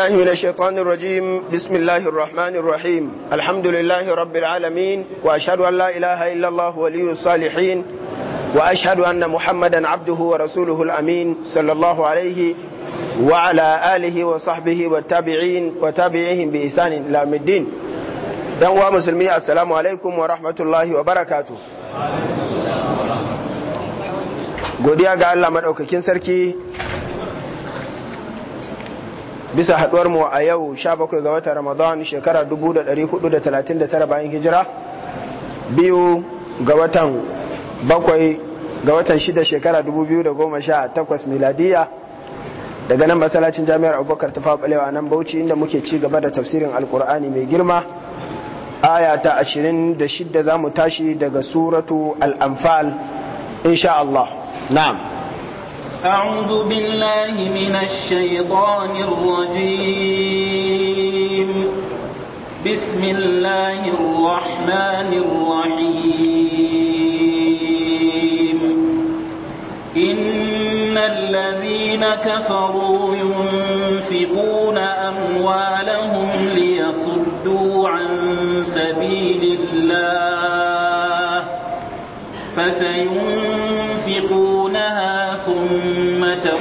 بالله من الشيطان الرجيم بسم الله الرحمن الرحيم الحمد لله رب العالمين وأشهد أن لا إله إلا الله ولي الصالحين وأشهد أن محمدا عبده ورسوله الأمين صلى الله عليه وعلى آله وصحبه والتابعين وتابعيهم بإحسان إلى الدين دعوة مسلمية السلام عليكم ورحمة الله وبركاته godiya ga Allah maɗaukakin sarki bisa haduwar mu a yau 17 ga watan Ramadan shekara 1439 bayan hijira biyu ga watan bakwai ga watan shida shekara 2018 miladiya daga nan masallacin jami'ar abubakar ta a nan bauchi inda muke ci gaba da tafsirin alkur'ani mai girma aya ta 26 za mu tashi daga suratu al'amfal insha Allah na'am أعوذ بالله من الشيطان الرجيم بسم الله الرحمن الرحيم إن الذين كفروا ينفقون أموالهم ليصدوا عن سبيل الله فسينفقون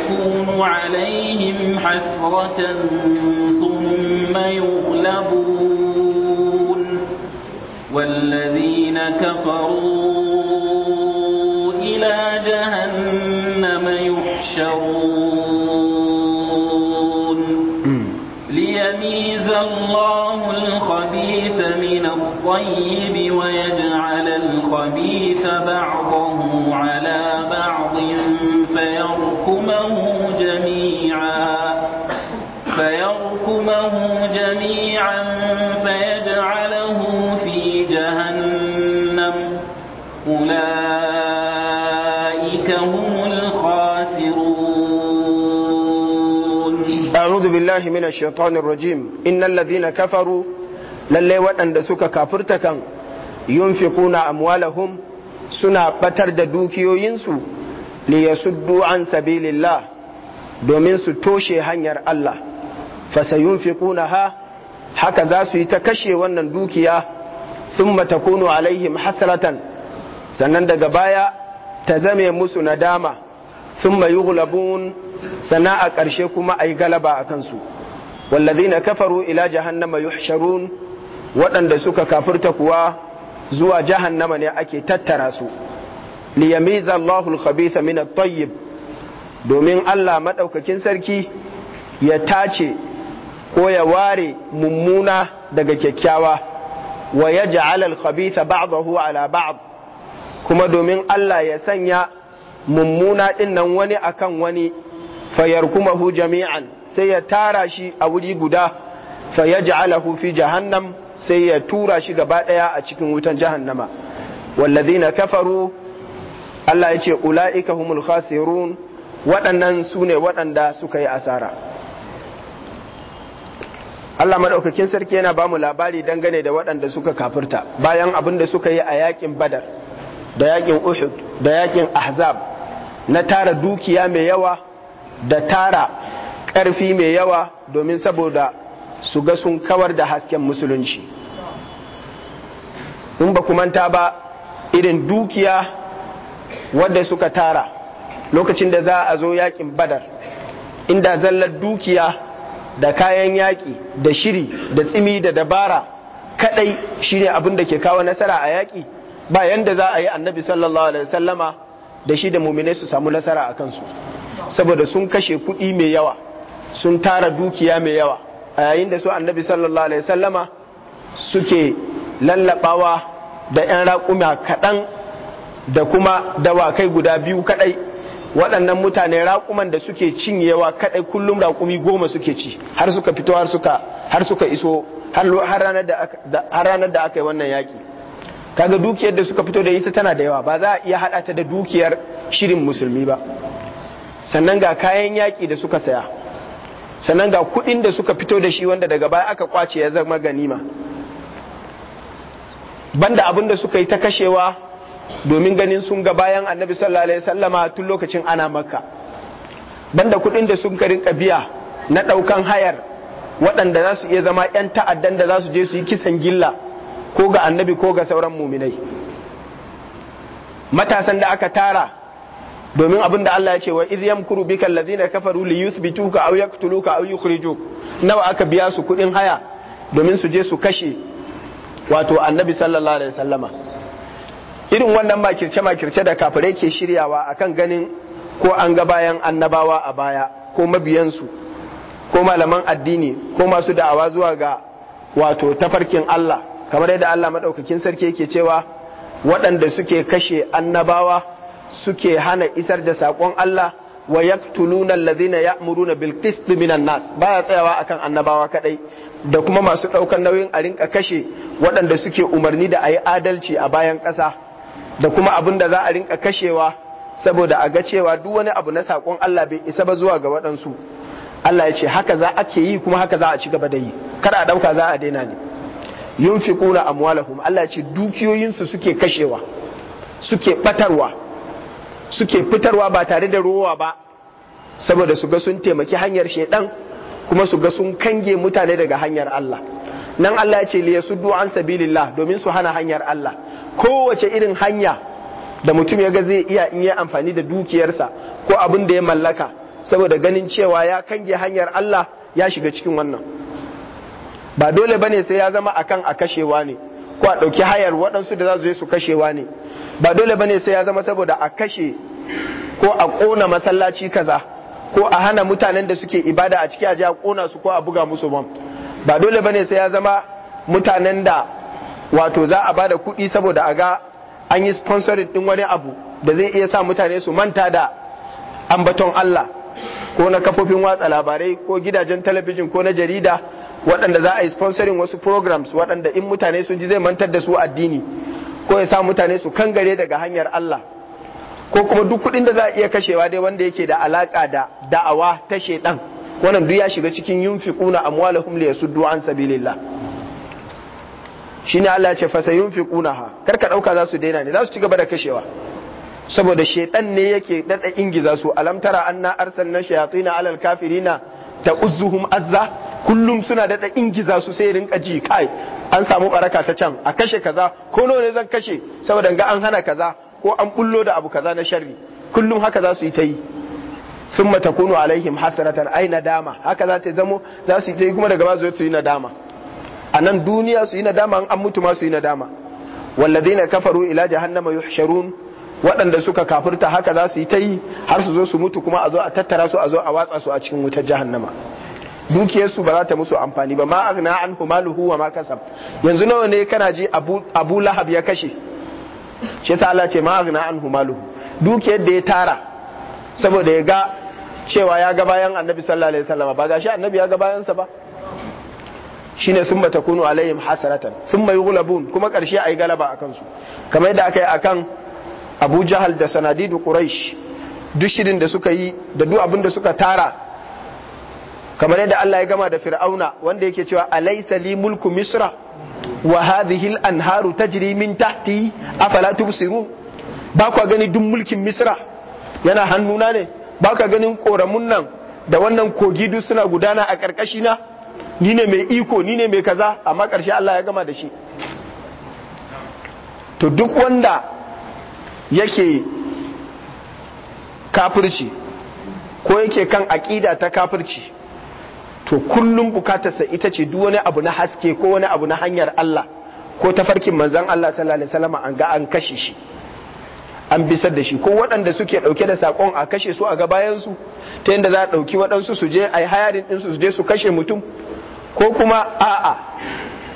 تكون عليهم حسرة ثم يغلبون والذين كفروا إلى جهنم يحشرون ليميز الله الخبيث من الطيب ويجعل الخبيث بعضه على بعض فيركمه جميعا فيركمه جميعا فيجعله في جهنم أولئك billahi minash shaitanir rajim kafaru lallai waɗanda suka kafirta kan yunfiquna amwalahum suna batar da dukiyoyinsu li yasuddu an sabilillah domin su toshe hanyar Allah fasa ha haka za su yi ta kashe wannan dukiya thumma takunu alaihim hasratan sannan daga baya ta zame musu nadama thumma yughlabun sannan a ƙarshe kuma a yi galaba a kansu wallazina kafaru ila jahannama yuhsharun waɗanda suka kafirta kuwa zuwa jahannama ne ake tattara su liyamiza Allahul khabitha min at-tayyib domin Allah madaukakin sarki ya tace ko ya ware mummuna daga kyakkyawa wa yaj'al al-khabitha ba'dahu ala ba'd kuma domin Allah ya sanya mummuna dinnan wani akan wani fayarkumahu jami'an sai ya tara shi a wuri guda fayaj'alahu fi jahannam sai ya tura shi gaba daya a cikin wutan jahannama wallazina kafaru Allah ya ce ula'ika humul khasirun waɗannan su ne waɗanda suka yi asara Allah madaukakin sarki yana ba mu labari dangane da waɗanda suka kafirta bayan abin da suka yi a yakin badar da yakin uhud da yakin ahzab na tara dukiya mai yawa da tara ƙarfi mai yawa domin saboda su ga sun kawar da hasken musulunci in ba manta ba irin dukiya wadda suka tara lokacin da za a zo yakin badar inda zallar dukiya da kayan yaƙi da shiri da tsimi da dabara kadai shine abin da ke kawo nasara a yaƙi ba yanda za a yi annabi sallallahu alaihi wasallama da shi da mumine su samu nasara a kansu saboda sun kashe kuɗi mai yawa sun tara dukiya mai yawa a yayin da su annabi sallallahu alaihi sallama suke lallabawa da 'yan raƙuma kaɗan da kuma dawakai guda biyu kaɗai waɗannan mutane raƙuman da suke cinyewa kaɗai kullum raƙumi goma suke ci har suka fito har suka har suka iso har ranar da aka yi wannan yaƙi kaga dukiyar da suka fito da ita tana da yawa ba za a iya haɗa ta da dukiyar shirin musulmi ba sannan ga kayan yaƙi da suka saya sannan ga kuɗin da suka fito da shi wanda daga baya aka kwace ya zama ganima banda abin da suka yi ta kashewa domin ganin sun ga bayan annabi sallallahu alaihi sallama tun lokacin ana makka banda kuɗin da sun karin biya na ɗaukan hayar waɗanda za su iya zama 'yan ta'addan da za su je su yi kisan gilla ko ga annabi ko ga sauran muminai matasan da aka tara domin abin da Allah ya ce wa iz yamkuru bika allazina kafaru li yuthbituka aw yaqtuluka aw yukhrijuk nawa aka biya su kudin haya domin su je su kashe wato annabi sallallahu alaihi wasallama irin wannan makirce makirce da kafirai ke shiryawa akan ganin ko an ga bayan annabawa a baya ko mabiyan su ko malaman addini ko masu da'awa zuwa ga wato tafarkin Allah kamar yadda Allah madaukakin sarki yake cewa waɗanda suke kashe annabawa suke hana isar da saƙon Allah wa yaqtuluna alladhina ya'muruna bil qist minan nas baya tsayawa akan annabawa kadai da kuma masu ɗaukar nauyin a rinka kashe waɗanda suke umarni da a yi adalci a bayan ƙasa da kuma abin da za a rinka kashewa saboda a ga cewa duk wani abu na saƙon Allah bai isa ba zuwa ga waɗansu Allah ya ce haka za ake yi kuma haka za a ci gaba da yi kada a ɗauka za a daina ne yunfiquna amwalahum Allah ya ce dukiyoyinsu suke kashewa suke batarwa suke fitarwa ba tare da rowa ba saboda su ga sun taimaki hanyar shaidan kuma su ga sun kange mutane daga hanyar Allah nan Allah ya ce li yasuddu an sabilillah domin su hana hanyar Allah kowace irin hanya da mutum ya ga zai iya in ya amfani da dukiyarsa ko abin da ya mallaka saboda ganin cewa ya kange hanyar Allah ya shiga cikin wannan ba dole bane sai ya zama akan a kashewa ne ko a ɗauki hayar waɗansu da za su je su kashewa ne ba dole bane sai ya zama saboda a kashe ko a ƙona masallaci kaza ko a hana mutanen da suke ibada a ciki a je a ƙona su ko a buga musu bom ba dole bane sai ya zama mutanen da wato za a bada kuɗi saboda a ga an yi sponsoring ɗin wani abu da zai iya sa mutane su manta da ambaton Allah ko na kafofin watsa labarai ko gidajen talabijin ko na jarida waɗanda za a yi sponsorin wasu programs waɗanda in mutane sun ji zai mantar da su addini ko ya sa mutane su kangare daga hanyar Allah ko kuma duk kuɗin da za a iya kashewa dai wanda yake da alaka da da'awa ta shedan wannan duk ya shiga cikin yunfiquna amwalahum yasuddu an sabilillah shine Allah ya ce Kar karka dauka za su daina ne za su ci gaba da kashewa saboda shedan ne yake dada ingiza su alam tara anna arsalna shayatin alal kafirina ta uzuhum azza kullum suna da ingiza su sai rinka ji kai an samu baraka ta can a kashe kaza ko nawa ne zan kashe saboda ga an hana kaza ko an bullo da abu kaza na sharri kullum haka za su yi ta yi summa takunu alaihim hasratan ai nadama haka za ta zamo za su yi ta yi kuma daga ba su yi nadama a nan duniya su yi nadama an mutu ma su yi nadama kafaru kafaru ila jahannama yuhsharun waɗanda suka kafirta haka za su yi ta yi har su zo su mutu kuma a zo a tattara su a zo a watsa su a cikin wutar jahannama dukiyarsu ba za ta musu amfani ba ma na an maluhu wa ma kasab yanzu nawa ne kana ji abu, abu lahab ya kashe shi yasa Allah ce ma na an luhu. dukiyar da ya tara saboda ya ga cewa ya ga bayan annabi sallallahu alaihi wasallam ba gashi annabi ya ga bayan sa ba shine sun bata kunu alaihim hasaratan sun mai kuma karshe ayi galaba akan su kamar yadda aka yi akan abu jahal da sanadidu quraish duk shirin da suka yi da duk abin da suka tara kamar yadda Allah ya gama da fir'auna wanda yake cewa alaysa li mulku misra wa hadhihi al-anharu tajri min tahti afala tubsirun ba ku gani duk mulkin misra yana hannuna ne ba ku ganin koramun nan da wannan kogi duk suna gudana a karkashi na ni ne mai iko ni ne mai kaza amma karshe Allah ya gama da shi to duk wanda yake kafirci ko yake kan aƙida ta kafirci to kullum bukatarsa ita ce duk wani abu na haske ko wani abu na hanyar Allah ko ta farkin manzan Allah sallallahu alaihi wasallam an ga an kashe shi an bisar da shi ko waɗanda suke ɗauke da saƙon a kashe su a ga bayansu ta yadda za a ɗauki waɗansu su je a yi hayarin ɗinsu su je su kashe mutum ko kuma a'a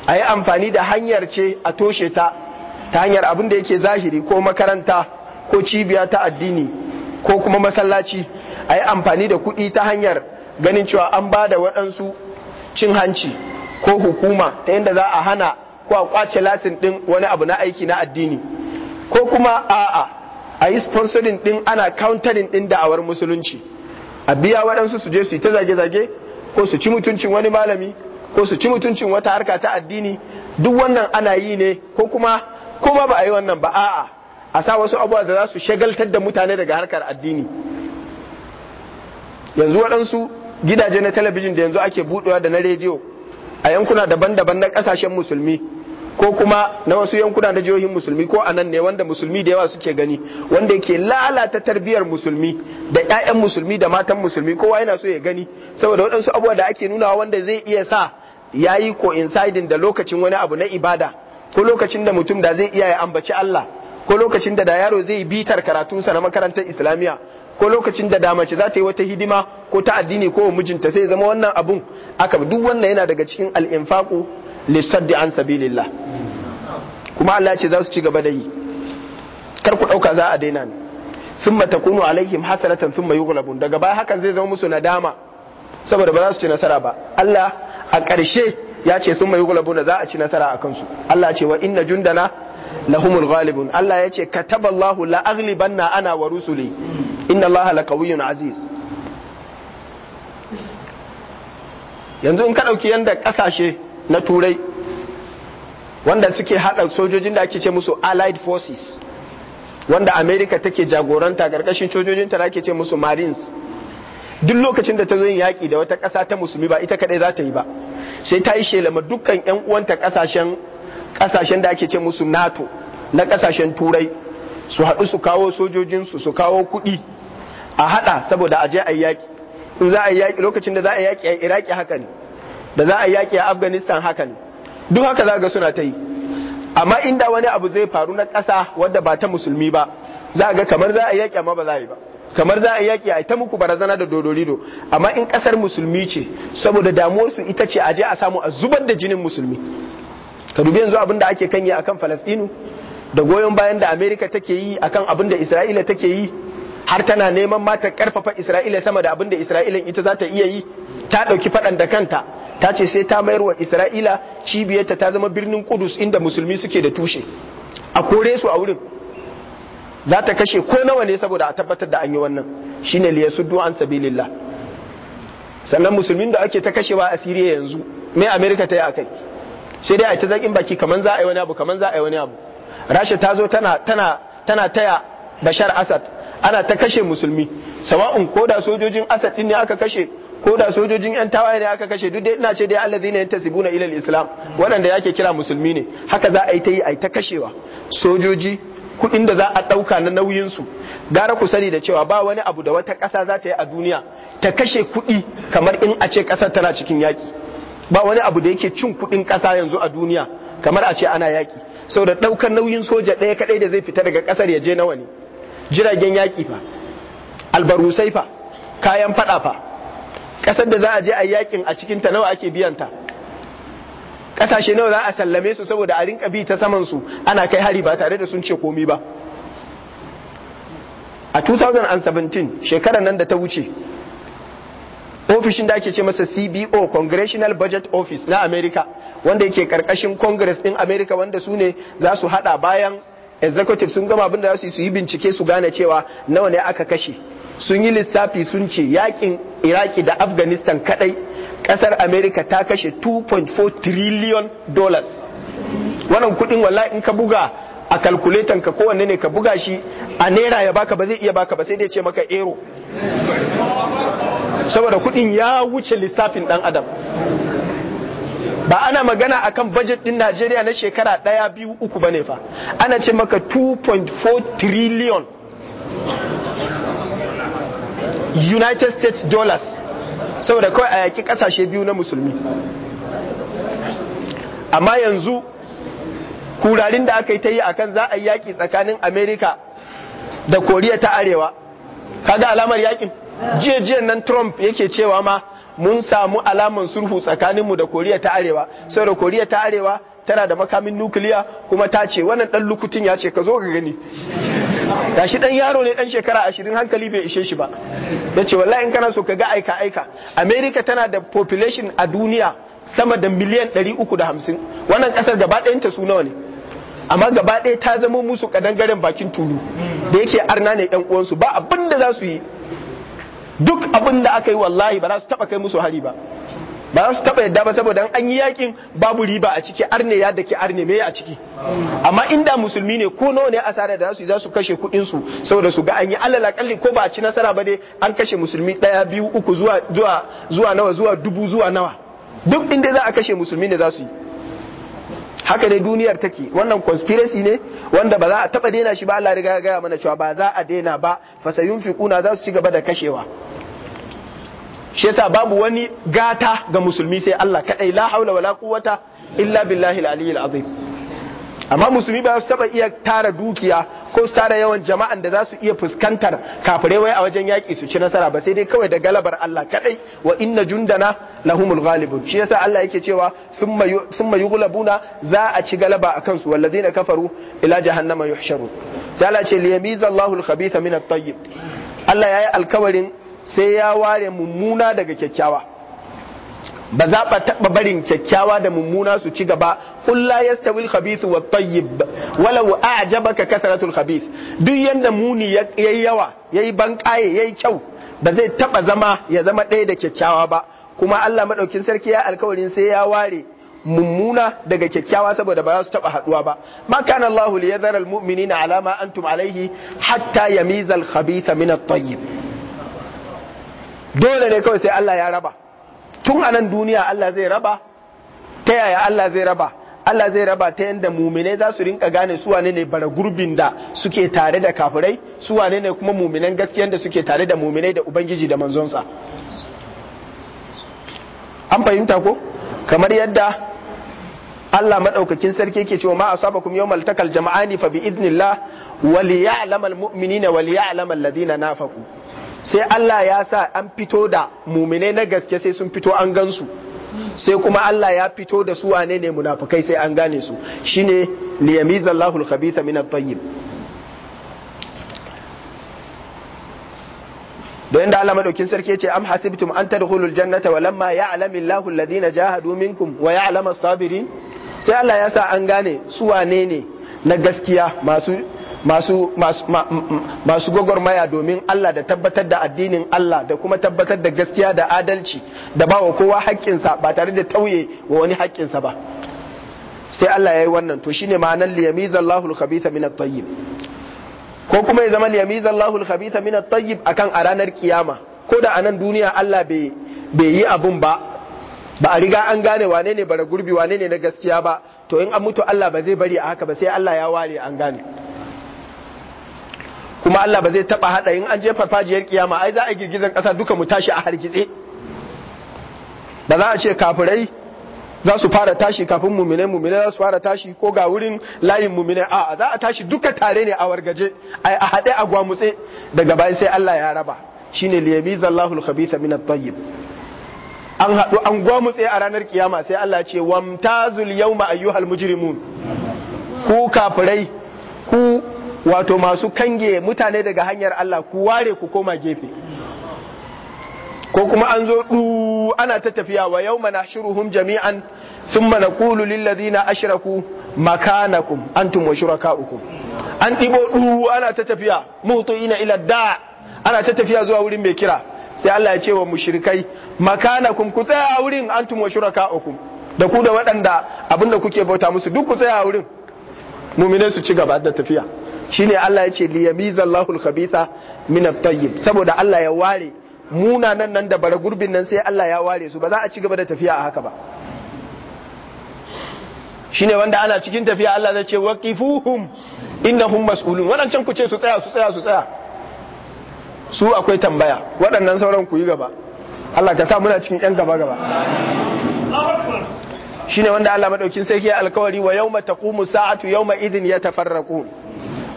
a yi amfani da hanyar ce a toshe ta ta hanyar abin da yake zahiri ko makaranta ko cibiya ta addini ko kuma masallaci a yi amfani da kuɗi ta hanyar ganin cewa an ba da waɗansu cin hanci ko hukuma ta yadda za a hana ko a kwace lasin ɗin wani abu na aiki na addini ko kuma a'a a yi sponsorin ɗin ana countering ɗin da da'awar musulunci a biya waɗansu su je su yi ta zage-zage ko su ci mutuncin wani malami ko su ci mutuncin wata harka ta addini duk wannan ana yi ne ko kuma kuma ba a yi wannan ba a'a a sa wasu abuwa da za su shagaltar da mutane daga harkar addini yanzu waɗansu gidaje na talabijin da yanzu ake buɗewa da na rediyo a yankuna daban-daban na ƙasashen musulmi ko kuma na wasu yankuna na jihohin musulmi ko anan ne wanda musulmi da yawa suke gani wanda yake lalata tarbiyyar musulmi da 'ya'yan musulmi da matan musulmi kowa yana so ya gani saboda waɗansu abubuwa da ake nunawa wanda zai iya sa ya yi ko da lokacin wani abu na ibada ko lokacin da mutum da zai iya ya ambaci Allah ko lokacin da da yaro zai bitar sa na makarantar islamiyya ko lokacin da da mace za ta yi wata hidima ko ta addini ko mijinta sai zama wannan abun aka duk wannan yana daga cikin al-infaqu lisaddi an sabilillah kuma Allah ce za su ci gaba da yi kar ku ɗauka za a daina ne sun mata kunu alaihim hasanatan sun mai yughlabun daga baya hakan zai zama musu nadama saboda ba za su ci nasara ba Allah a ƙarshe ya ce sun mai gulabu za a ci nasara a kansu Allah ce wa inna jundana lahumul ghalibun Allah ya ce kataballahu la aghlibanna ana wa rusuli inna Allah laqawiyyun aziz yanzu in ka dauki yanda kasashe na turai wanda suke hada sojojin da ake ce musu allied forces wanda Amerika take jagoranta karkashin sojojin ta ake ce musu marines duk lokacin da ta zo yin yaki da wata ƙasa ta musulmi ba ita kadai za ta yi ba sai ta yi shelama dukkan yan uwanta kasashen kasashen da ake ce musu NATO na kasashen turai su haɗu su kawo sojojinsu su kawo kuɗi a haɗa saboda a je a yaƙi in za a yaƙi lokacin da za a yaƙi a Iraki haka ne da za a yaƙi a Afghanistan haka ne duk haka za ga suna ta yi amma inda wani abu zai faru na ƙasa wadda ba ta musulmi ba za a ga kamar za a yaƙi amma ba za a yi ba kamar za a yaki a ta muku barazana da dodorido amma in kasar musulmi ce saboda su ita ce a je a samu a zubar da jinin musulmi ka dubi yanzu abin da ake kanye akan falastinu da goyon bayan da amerika take yi akan abin da isra'ila take yi har tana neman ta karfafa isra'ila sama da abin da isra'ila ita za ta iya yi ta ɗauki faɗan da kanta ta ce sai ta mayar wa isra'ila cibiyarta ta zama birnin kudus inda musulmi suke da tushe a kore su a wurin za ta kashe ko nawa ne saboda a tabbatar da an yi wannan Shi ne li yasuddu an sabilillah sannan musulmin da ake ta kashewa a Siriya yanzu me America ta yi akai sai dai a ta zaƙin baki kaman za a yi wani abu kaman za a yi wani abu Rasha ta zo tana tana tana taya Bashar Asad ana ta kashe musulmi sawa'un ko da sojojin Asad din ne aka kashe ko da sojojin yan tawaye ne aka kashe duk dai ina ce dai allazina yantasibuna ila al-islam waɗanda yake kira musulmi ne haka za a yi ta yi a ta kashewa sojoji kuɗin da za a ɗauka na nauyinsu gara ku sani da cewa ba wani abu da wata ƙasa za ta yi a duniya ta kashe kuɗi kamar in a ce ƙasar tana cikin yaƙi ba wani abu da yake cin kuɗin ƙasa yanzu a duniya kamar a ce ana yaƙi da ɗaukar nauyin soja ɗaya kaɗai da zai fita daga ƙasar ya je nawa ne jiragen yaƙi fa albarusai fa kayan faɗa fa ƙasar da za a je a yaƙin a cikin ta nawa ake ta? kasashe nawa za a sallame su saboda a rinka bi ta saman su ana kai hari ba tare da sun ce komi ba a 2017 shekarar nan da ta wuce ofishin da ake ce masa CBO Congressional Budget Office na America wanda yake karkashin Congress din America wanda su ne za su hada bayan executive sun gama abin da za su yi bincike su gane cewa nawa ne aka kashe sun yi lissafi sun ce yakin Iraki da Afghanistan kadai kasar america ta kashe 2.4 trillion dollars wannan kudin wallahi in ka buga a kalkuletan ka kowanne ne ka buga shi a naira ya baka ba zai iya baka ba sai dai ce maka euro saboda kudin ya wuce lissafin dan adam ba ana magana akan budget din Najeriya na shekara daya biyu uku bane fa ana ce maka 2.4 trillion United States dollars saboda kawai a yaƙi ƙasashe biyu na musulmi amma yanzu kurarin da aka yi ta yi akan za a yi yaƙi tsakanin amerika da koriya ta arewa kaga alamar yakin jiya-jiyan nan trump yake cewa ma mun samu alaman sulhu tsakaninmu da koriya ta arewa saboda koriya ta arewa tana da makamin nukiliya kuma ta ce wannan ɗan lukutin ya ce ka zo ka gani shi dan yaro ne dan shekara ashirin hankali bai ishe shi ba ya ce wallahi in kana so ka ga aika aika america tana da population a duniya sama da miliyan 350 wannan kasar gaba ɗayanta su nawa ne amma gaba ɗaya ta zama musu kadangaren bakin tulu da yake arna ne yan uwansu ba abin za su yi duk abin da aka yi wallahi ba za su taba kai musu hari ba ba za su taba yadda ba saboda an yi yakin babu riba a ciki arne ya dake arne me a ciki amma inda musulmi ne ko nawa ne asara da su za su kashe kuɗin su saboda su ga an yi alal kalli ko ba a ci nasara ba dai an kashe musulmi ɗaya biyu uku zuwa zuwa zuwa nawa zuwa dubu zuwa nawa duk inda za a kashe musulmi ne za su yi haka dai duniyar take wannan conspiracy ne wanda ba za a taba daina shi ba Allah riga ya gaya mana cewa ba za a daina ba fasayun fiƙuna za su ci gaba da kashewa shi yasa babu wani gata ga musulmi sai Allah kadai la haula wala quwwata illa billahi al-aliyyil azim amma musulmi ba su taba iya tara dukiya ko su tara yawan jama'an da za su iya fuskantar kafirai wai a wajen yaƙi su ci nasara ba sai dai kawai da galabar Allah kadai wa inna jundana lahumul ghalibun shi yasa Allah yake cewa summa yughlabuna za a ci galaba akan su walladheena kafaru ila jahannama yuhsharun sai Allah ce liyamiza Allahul khabitha min at-tayyib Allah yayi alkawarin sai ya ware mummuna daga kyakkyawa ba za ba taɓa barin kyakkyawa da mummuna su ci gaba kulla yastawil khabithu wa tayyib walau a'jabaka kasratul khabith duk yanda muni yayi yawa yayi bankaye yayi kyau ba zai taɓa zama ya zama ɗaya da kyakkyawa ba kuma Allah madaukin sarki ya alkawarin sai ya ware mummuna daga kyakkyawa saboda ba za su taɓa haɗuwa ba ma kana Allahu na yadhara al ala ma antum alayhi hatta yamiza al-khabitha min at-tayyib dole ne kawai sai Allah ya raba tun a nan duniya Allah zai raba ta yaya Allah zai raba Allah zai raba ta yadda muminai za su rinka gane su wane ne bara gurbin da suke tare da kafirai su wane ne kuma muminan gaskiyan da suke tare da muminai da ubangiji da manzonsa an fahimta ko kamar yadda Allah maɗaukakin sarki yake cewa ma kuma yau maltakal jama'ani fa bi idnillah wa liya'lamal mu'minina alamar liya'lamal ladina nafaku sai Allah ya sa an fito da mumine na gaske sai sun fito an gansu sai kuma Allah ya fito da su ne ne munafukai sai an gane su shine liyamizallahu al min at-tayyib da da Allah madaukin sarki yace am hasibtum an tadkhulul jannata wa lamma ya'lamu Allahu alladhina jahadu minkum wa ya'lamu as-sabirin sai Allah ya sa an gane su wanene ne na gaskiya masu masu gwagwarmaya domin Allah da tabbatar da addinin Allah da kuma tabbatar da gaskiya da adalci da ba wa kowa haƙƙinsa ba tare da tauye wa wani haƙƙinsa ba sai Allah ya yi wannan to shine ma'anar liyamiza al khabitha min at-tayyib ko kuma ya zama liyamiza al khabitha min at-tayyib akan a ranar kiyama ko da anan duniya Allah bai bai yi abun ba ba a riga an gane wane ne bara gurbi wane ne na gaskiya ba to in an mutu Allah ba zai bari a haka ba sai Allah ya ware an gane kuma Allah ba zai taba haɗa in an je farfajiyar kiyama ai za a girgizan kasa duka mu tashi a hargitse ba za a ce kafirai za su fara tashi kafin mumine mumine za su fara tashi ko ga wurin layin mumine a za a tashi duka tare ne a wargaje ai a haɗe a gwamutse daga bayan sai Allah ya raba shine liyami zallahul khabitha min at-tayyib an haɗu an gwamutse a ranar kiyama sai Allah ce wamtazul yawma ayyuhal mujrimun ku kafirai ku wato masu kange mutane daga hanyar Allah ku ware ku koma gefe ko kuma an zo du ana ta tafiya wa yau mana shuruhum jami'an sun mana kulu lillazina ashraku makanakum antum wa shuraka'ukum an ɗibo du ana ta tafiya mutu ina ila da ana ta tafiya zuwa wurin mai kira sai Allah ya ce wa mushrikai makanakum ku tsaya a wurin antum wa shuraka'ukum da ku da waɗanda abinda kuke bauta musu duk ku tsaya a wurin mu'minai su ci gaba da tafiya shine Allah ya ce liyamizallahu al-khabitha min at-tayyib saboda Allah ya ware munanan nan da bara gurbin nan sai Allah ya ware su ba za a ci gaba da tafiya a haka ba shine wanda ana cikin tafiya Allah zai ce waqifuhum innahum mas'ulun wadancan ku ce su tsaya su tsaya su tsaya su akwai tambaya waɗannan sauran ku yi gaba Allah ka sa muna cikin ƴan gaba gaba shine wanda Allah madaukin sai ke alkawari wa yawma taqumu sa'atu yawma ya yatafarraqun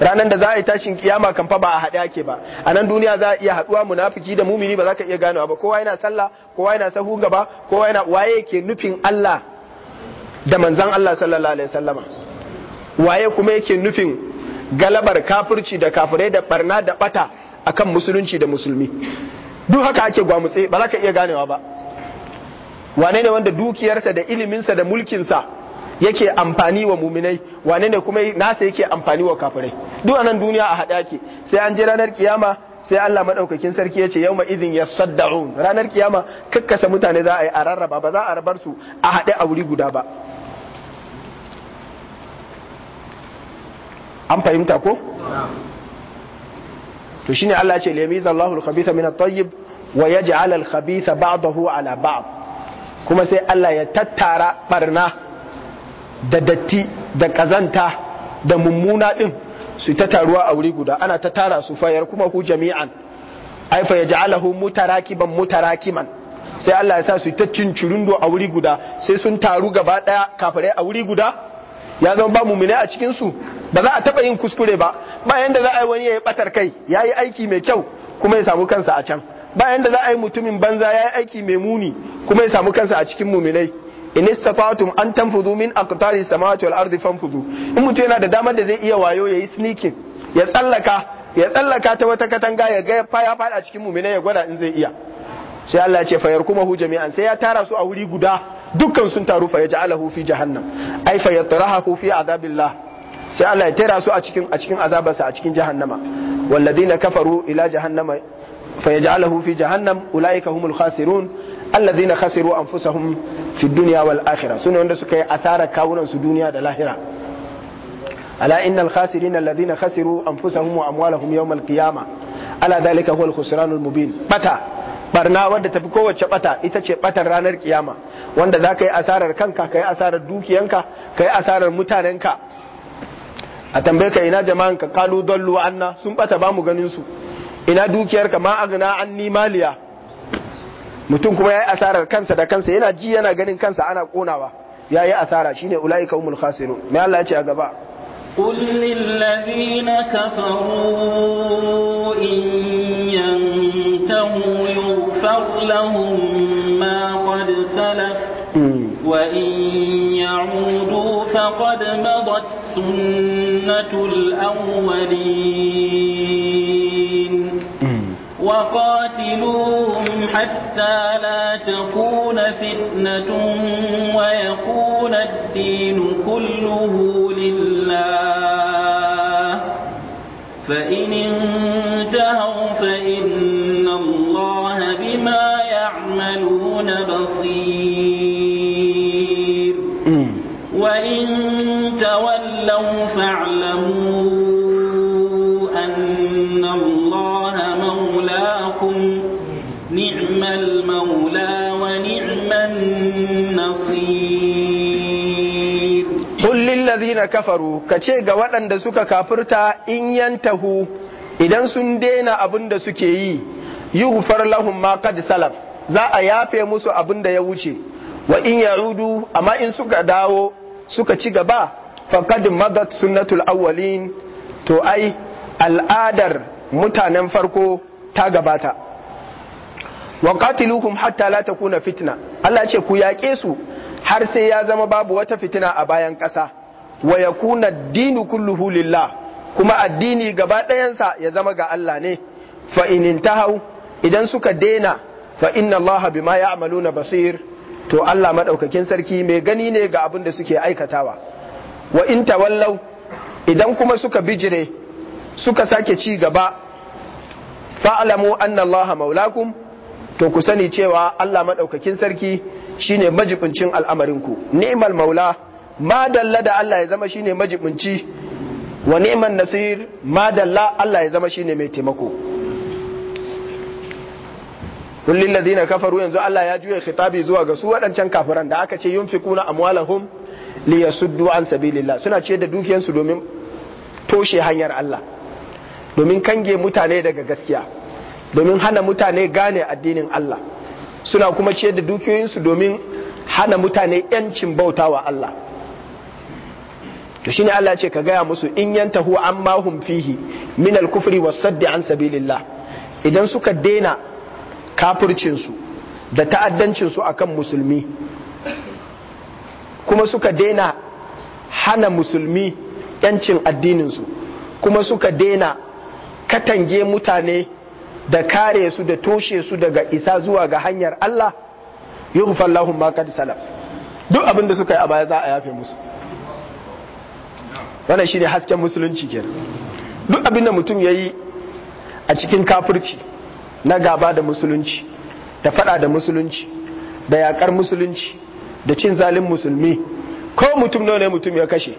ranar da za a yi tashin kiyama kan fa ba a haɗe ake ba a nan duniya za a iya haɗuwa munafiki da mumini ba za ka iya ganewa ba kowa yana sallah kowa yana sahu gaba kowa yana waye yake nufin Allah da manzan Allah sallallahu alaihi wasallama waye kuma yake nufin galabar kafirci da kafirai da barna da bata akan musulunci da musulmi duk haka ake gwamutse ba za ka iya ganewa ba wane ne wanda dukiyarsa da iliminsa da mulkinsa yake amfani wa muminai wane ne kuma nasa yake amfani wa kafirai duk anan duniya a haɗa ke sai an je ranar kiyama sai Allah madaukakin sarki ya ce yawma idin yasaddaun ranar kiyama kakkasa mutane za a yi a rarraba ba za a rabar su a haɗe a wuri guda ba an fahimta ko to shine Allah ya ce liyamiza Allahu al-khabitha min at-tayyib wa yaj'al al-khabitha ba'dahu ala ba'd kuma sai Allah ya tattara barna da datti da kazanta da mummuna din su ta taruwa a wuri guda ana ta tara su fayar kuma ku jami'an ai fa yaj'alahu mutarakiban mutarakiman sai Allah ya sa su ta cincirundo a wuri guda sai sun taru gaba daya kafare a wuri guda ya zama ba mumine a cikin su ba za a taba yin kuskure ba bayan da za a yi wani yayi batar kai yayi aiki mai kyau kuma ya samu kansa a can bayan da za a yi mutumin banza yayi aiki mai muni kuma ya samu kansa a cikin muminai in istata'tum an tanfudu min aqtari samawati wal ardi fanfudu in mutum yana da damar da zai iya wayo yayi sneaking ya tsallaka ya tsallaka ta wata katanga ya ga ya fada cikin mu'mina ya gwada in zai iya sai Allah ya ce fayar kuma hu jami'an sai ya tara su a wuri guda dukkan sun taru fa yaj'alahu fi jahannam ai fa yatrahu fi adabillah sai Allah ya tara su a cikin a cikin azabarsa a cikin jahannama walladina kafaru ila jahannama fa yaj'alahu fi jahannam ulaika humul khasirun alladhina khasiru anfusahum fi dunya wal akhirah sune wanda suka yi asara kawunan su duniya da lahira ala innal khasirin alladhina khasiru anfusahum wa amwalahum yawm al qiyamah ala dhalika huwa al khusran al mubin bata barna wadda tafi kowace bata ita ce batar ranar kiyama wanda za ka yi asarar kanka ka yi asarar dukiyanka ka yi asarar mutanenka a tambaye ka ina jama'an ka kalu dallu anna sun bata ba mu ganin su ina dukiyarka ma agna an maliya mutum kuma ya yi asarar kansa da kansa yana ji yana ganin kansa ana konawa yayi asara shine ulaika umul khasirun mai Allah ya ce a gaba قل للذين كفروا إن ينتهوا يغفر لهم ما قد سلف وإن يعودوا فقد مضت سنة الأولين وقاتلوهم حتى لا تكون فتنة ويكون الدين كله لله فإن انتهوا فإن الله بما يعملون بصير وإن تولوا فاعلموا lillazina kafaru kace ga waɗanda suka kafurta in yantahu idan sun daina abin da suke yi yughfar lahum ma qad salaf za a yafe musu abin da ya wuce wa in ya'udu amma in suka dawo suka ci gaba faqad madat sunnatul awwalin to ai al'adar mutanen farko ta gabata wa qatiluhum hatta la takuna fitna Allah ce ku yaƙe su har sai ya zama babu wata fitina a bayan ƙasa wa yakuna dinu kulluhu lillah kuma addini gaba ɗayansa ya zama ga Allah ne fa in intahu idan suka daina fa inna Allah bima ya'maluna basir to Allah madaukakin sarki mai gani ne ga abin da suke aikatawa wa in tawallau idan kuma suka bijire suka sake ci gaba fa'alamu anna Allah maulakum to ku sani cewa Allah madaukakin sarki shine majibincin al'amarinku ni'mal maula ma dalla da Allah ya zama shine majibinci wa ni'man nasir ma dalla Allah ya zama shine mai taimako kullin ladina kafaru yanzu Allah ya juya khitabi zuwa ga su wadancan kafiran da aka ce yunfikuna amwalahum liyasuddu an sabilillah suna ce da dukiyansu domin toshe hanyar Allah domin kange mutane daga gaskiya domin hana mutane gane addinin Allah suna kuma ce da dukiyoyinsu domin hana mutane yancin bautawa Allah to shine Allah ce ka gaya musu in yantahu amma hum fihi min al-kufri was saddi an sabilillah idan suka daina kafircin su da ta'addancin su akan musulmi kuma suka daina hana musulmi yancin addinin su kuma suka daina katange mutane da kare su da toshe su daga isa zuwa ga hanyar Allah yughfar lahum ma qad salaf duk abin da suka yi a baya za a yafe musu wannan ne hasken musulunci kenan duk abinda mutum ya yi a cikin kafirci na gaba da musulunci da fada da musulunci da yakar musulunci da cin zalin musulmi ko mutum nawa ne mutum ya kashe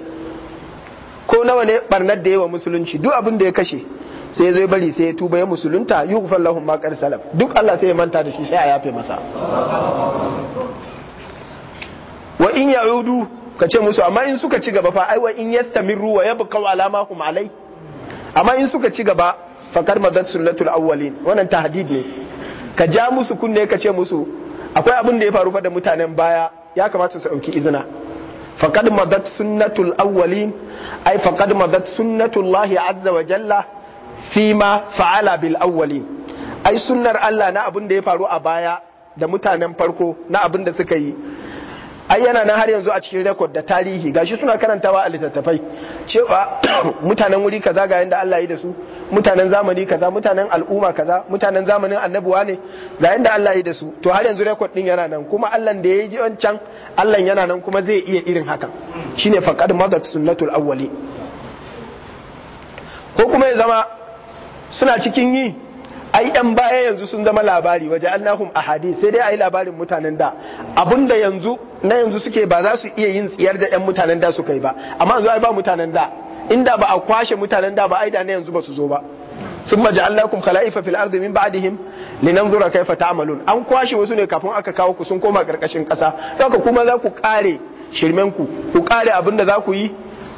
ko nawa ne barnar da wa musulunci duk abinda ya kashe sai zai bari sai ya tuba ya musulunta yi lahum lahun makar salaf duk Allah sai ya manta da shi sai a yafe masa wa in ya'udu ka ce musu amma in suka ci gaba fa aiwa in yastamiru wa yabqa alama hum alai amma in suka ci gaba fa kar mazat sunnatul awwalin wannan tahdid ne ka ja musu kunne ka ce musu akwai abin da ya faru fa da mutanen baya ya kamata su dauki izina Fa kad mazat sunnatul awwalin ai fa faqad madat sunnatullahi azza wa jalla fima fa'ala bil awwalin ai sunnar Allah na abin da ya faru a baya da mutanen farko na abin da suka yi ai yana nan har yanzu a cikin rekod da tarihi gashi suna karantawa a littattafai cewa mutanen wuri kaza ga yanda Allah yi da su mutanen zamani kaza mutanen al'umma kaza mutanen zamanin annabuwa ne ga yanda Allah yi da su to har yanzu rekod din yana nan kuma Allah da ya yi wancan Allah yana nan kuma zai iya irin hakan shine faqad madat sunnatul awwali ko kuma ya zama suna cikin yi ai yan baya yanzu sun zama labari waje annahum ahadi sai dai ai labarin mutanen da da yanzu na yanzu suke ba za su iya yin tsiyar da yan mutanen da suka yi ba amma yanzu ai ba mutanen da inda ba a kwashe mutanen da ba ai da na yanzu ba su zo ba sun maji allakum khala'ifa fil ardi min ba'dihim linanzura kaifa ta'malun an kwashe wasu ne kafin aka kawo ku sun koma karkashin kasa haka kuma za ku kare shirmen ku ku kare abin da za ku yi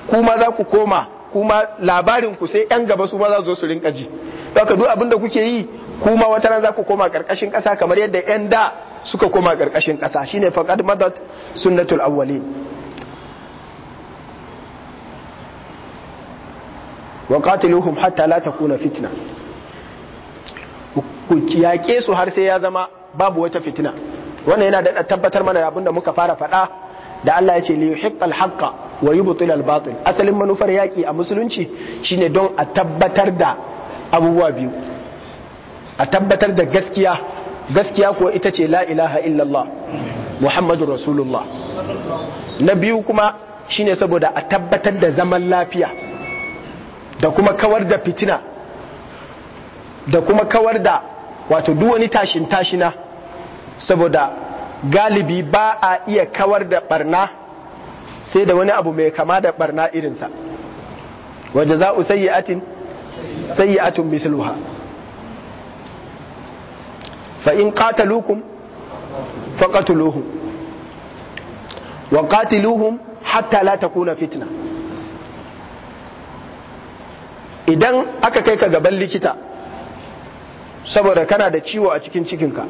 kuma za ku koma kuma labarin ku sai yan gaba su ma za su zo su rinka ji haka duk abin da kuke yi kuma wata ran za ku koma karkashin kasa kamar yadda yan da suka koma karkashin kasa shine faqad madat sunnatul awwali wa qatiluhum hatta la takuna fitna ku yaƙe su har sai ya zama babu wata fitina wannan yana da tabbatar mana abin da muka fara faɗa da Allah ya ce li yuhiqqal haqqa wa yubtil al batil asalin manufar yaƙi a musulunci shine don a tabbatar da abubuwa biyu a tabbatar da gaskiya gaskiya kuwa ita ce la ilaha illallah muhammadu rasulullah na biyu kuma shine saboda a tabbatar da zaman lafiya da kuma kawar da fitina da kuma kawar da wato duwani tashin tashina saboda galibi ba a iya kawar da barna sai da wani abu mai kama da barna irinsa za'u sayi atin? sayyi'atun misluha fa in qataluukum faqatuluhum wa qatiluhum hatta la takuna fitna idan aka kai ka gaban likita saboda kana da ciwo a cikin cikinka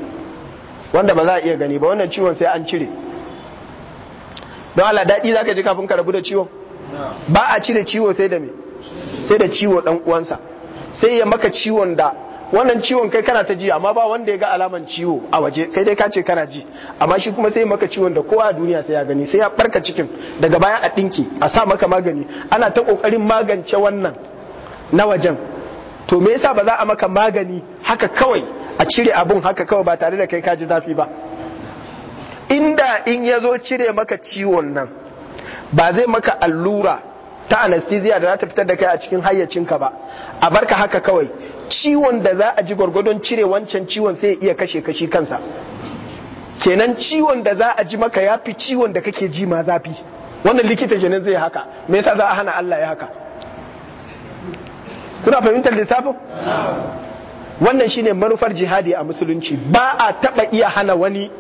wanda ba za a iya gani ba wannan ciwon sai an cire don Allah daɗi za ka ji kafin ka rabu da ciwon ba a cire ciwo sai da me sai da ciwo ɗan uwansa sai ya maka ciwon da wannan ciwon kai kana ta ji amma ba wanda ya ga alaman ciwo a waje kai dai ka ce kana ji amma shi kuma sai maka ciwon da kowa a duniya sai ya gani sai ya barka cikin daga baya a dinki a sa maka magani ana ta kokarin magance wannan na wajen to me yasa ba za a maka magani haka kawai a cire abun haka kawai ba tare da kai ka ji zafi ba inda in ya zo cire maka ciwon nan ba zai maka allura ta anesthesia da za ta fitar da kai a cikin hayyacinka ba a barka haka kawai ciwon da za a ji gwargwadon cire wancan ciwon sai iya kashe kashi kansa kenan ciwon da za a ji maka ya fi ciwon da kake ji ma zafi wannan likita kenan zai haka me yasa za a hana Allah ya haka kuna fahimtar lissafin wannan shine manufar jihadi a musulunci ba a taba iya hana wani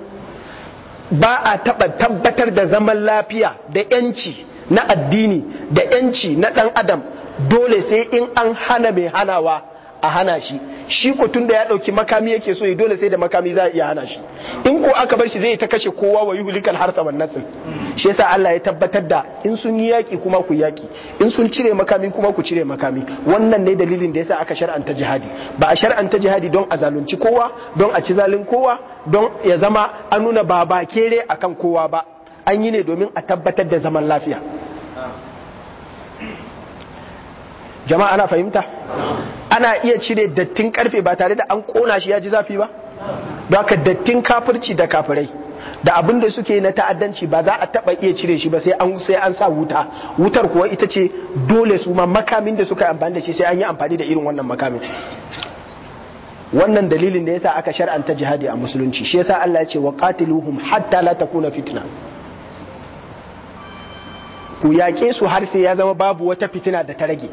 ba a taba tabbatar da zaman lafiya da yanci na addini da yanci na ɗan adam dole sai in an hana mai hanawa a hana shi shi ko tunda ya dauki makami yake so dole sai da makami za a iya hana shi in ko aka bar shi zai ta kashe kowa wa yuhlikal harsa wan nasl shi yasa Allah ya tabbatar da in sun yi yaki kuma ku yaki in sun cire makami kuma ku cire makami wannan ne dalilin da yasa aka shar'anta jihadi ba a shar'anta jihadi don a zalunci kowa don a ci zalin kowa don ya zama an nuna ba akan kowa ba an yi ne domin a tabbatar da zaman lafiya jama'a ana fahimta ana iya cire dattin karfe ba tare da an kona shi ya ji zafi ba ba ka dattin kafirci da kafirai da abin da suke na ta'addanci ba za a taba iya cire shi ba sai an sai an sa wuta wutar kuwa ita ce dole su ma makamin da suka amfani da shi sai an yi amfani da irin wannan makamin wannan dalilin da ya sa aka shar'anta jihadi a musulunci shi yasa Allah ya ce wa qatiluhum hatta la takuna fitna ku yaƙe su har sai ya zama babu wata fitina da ta rage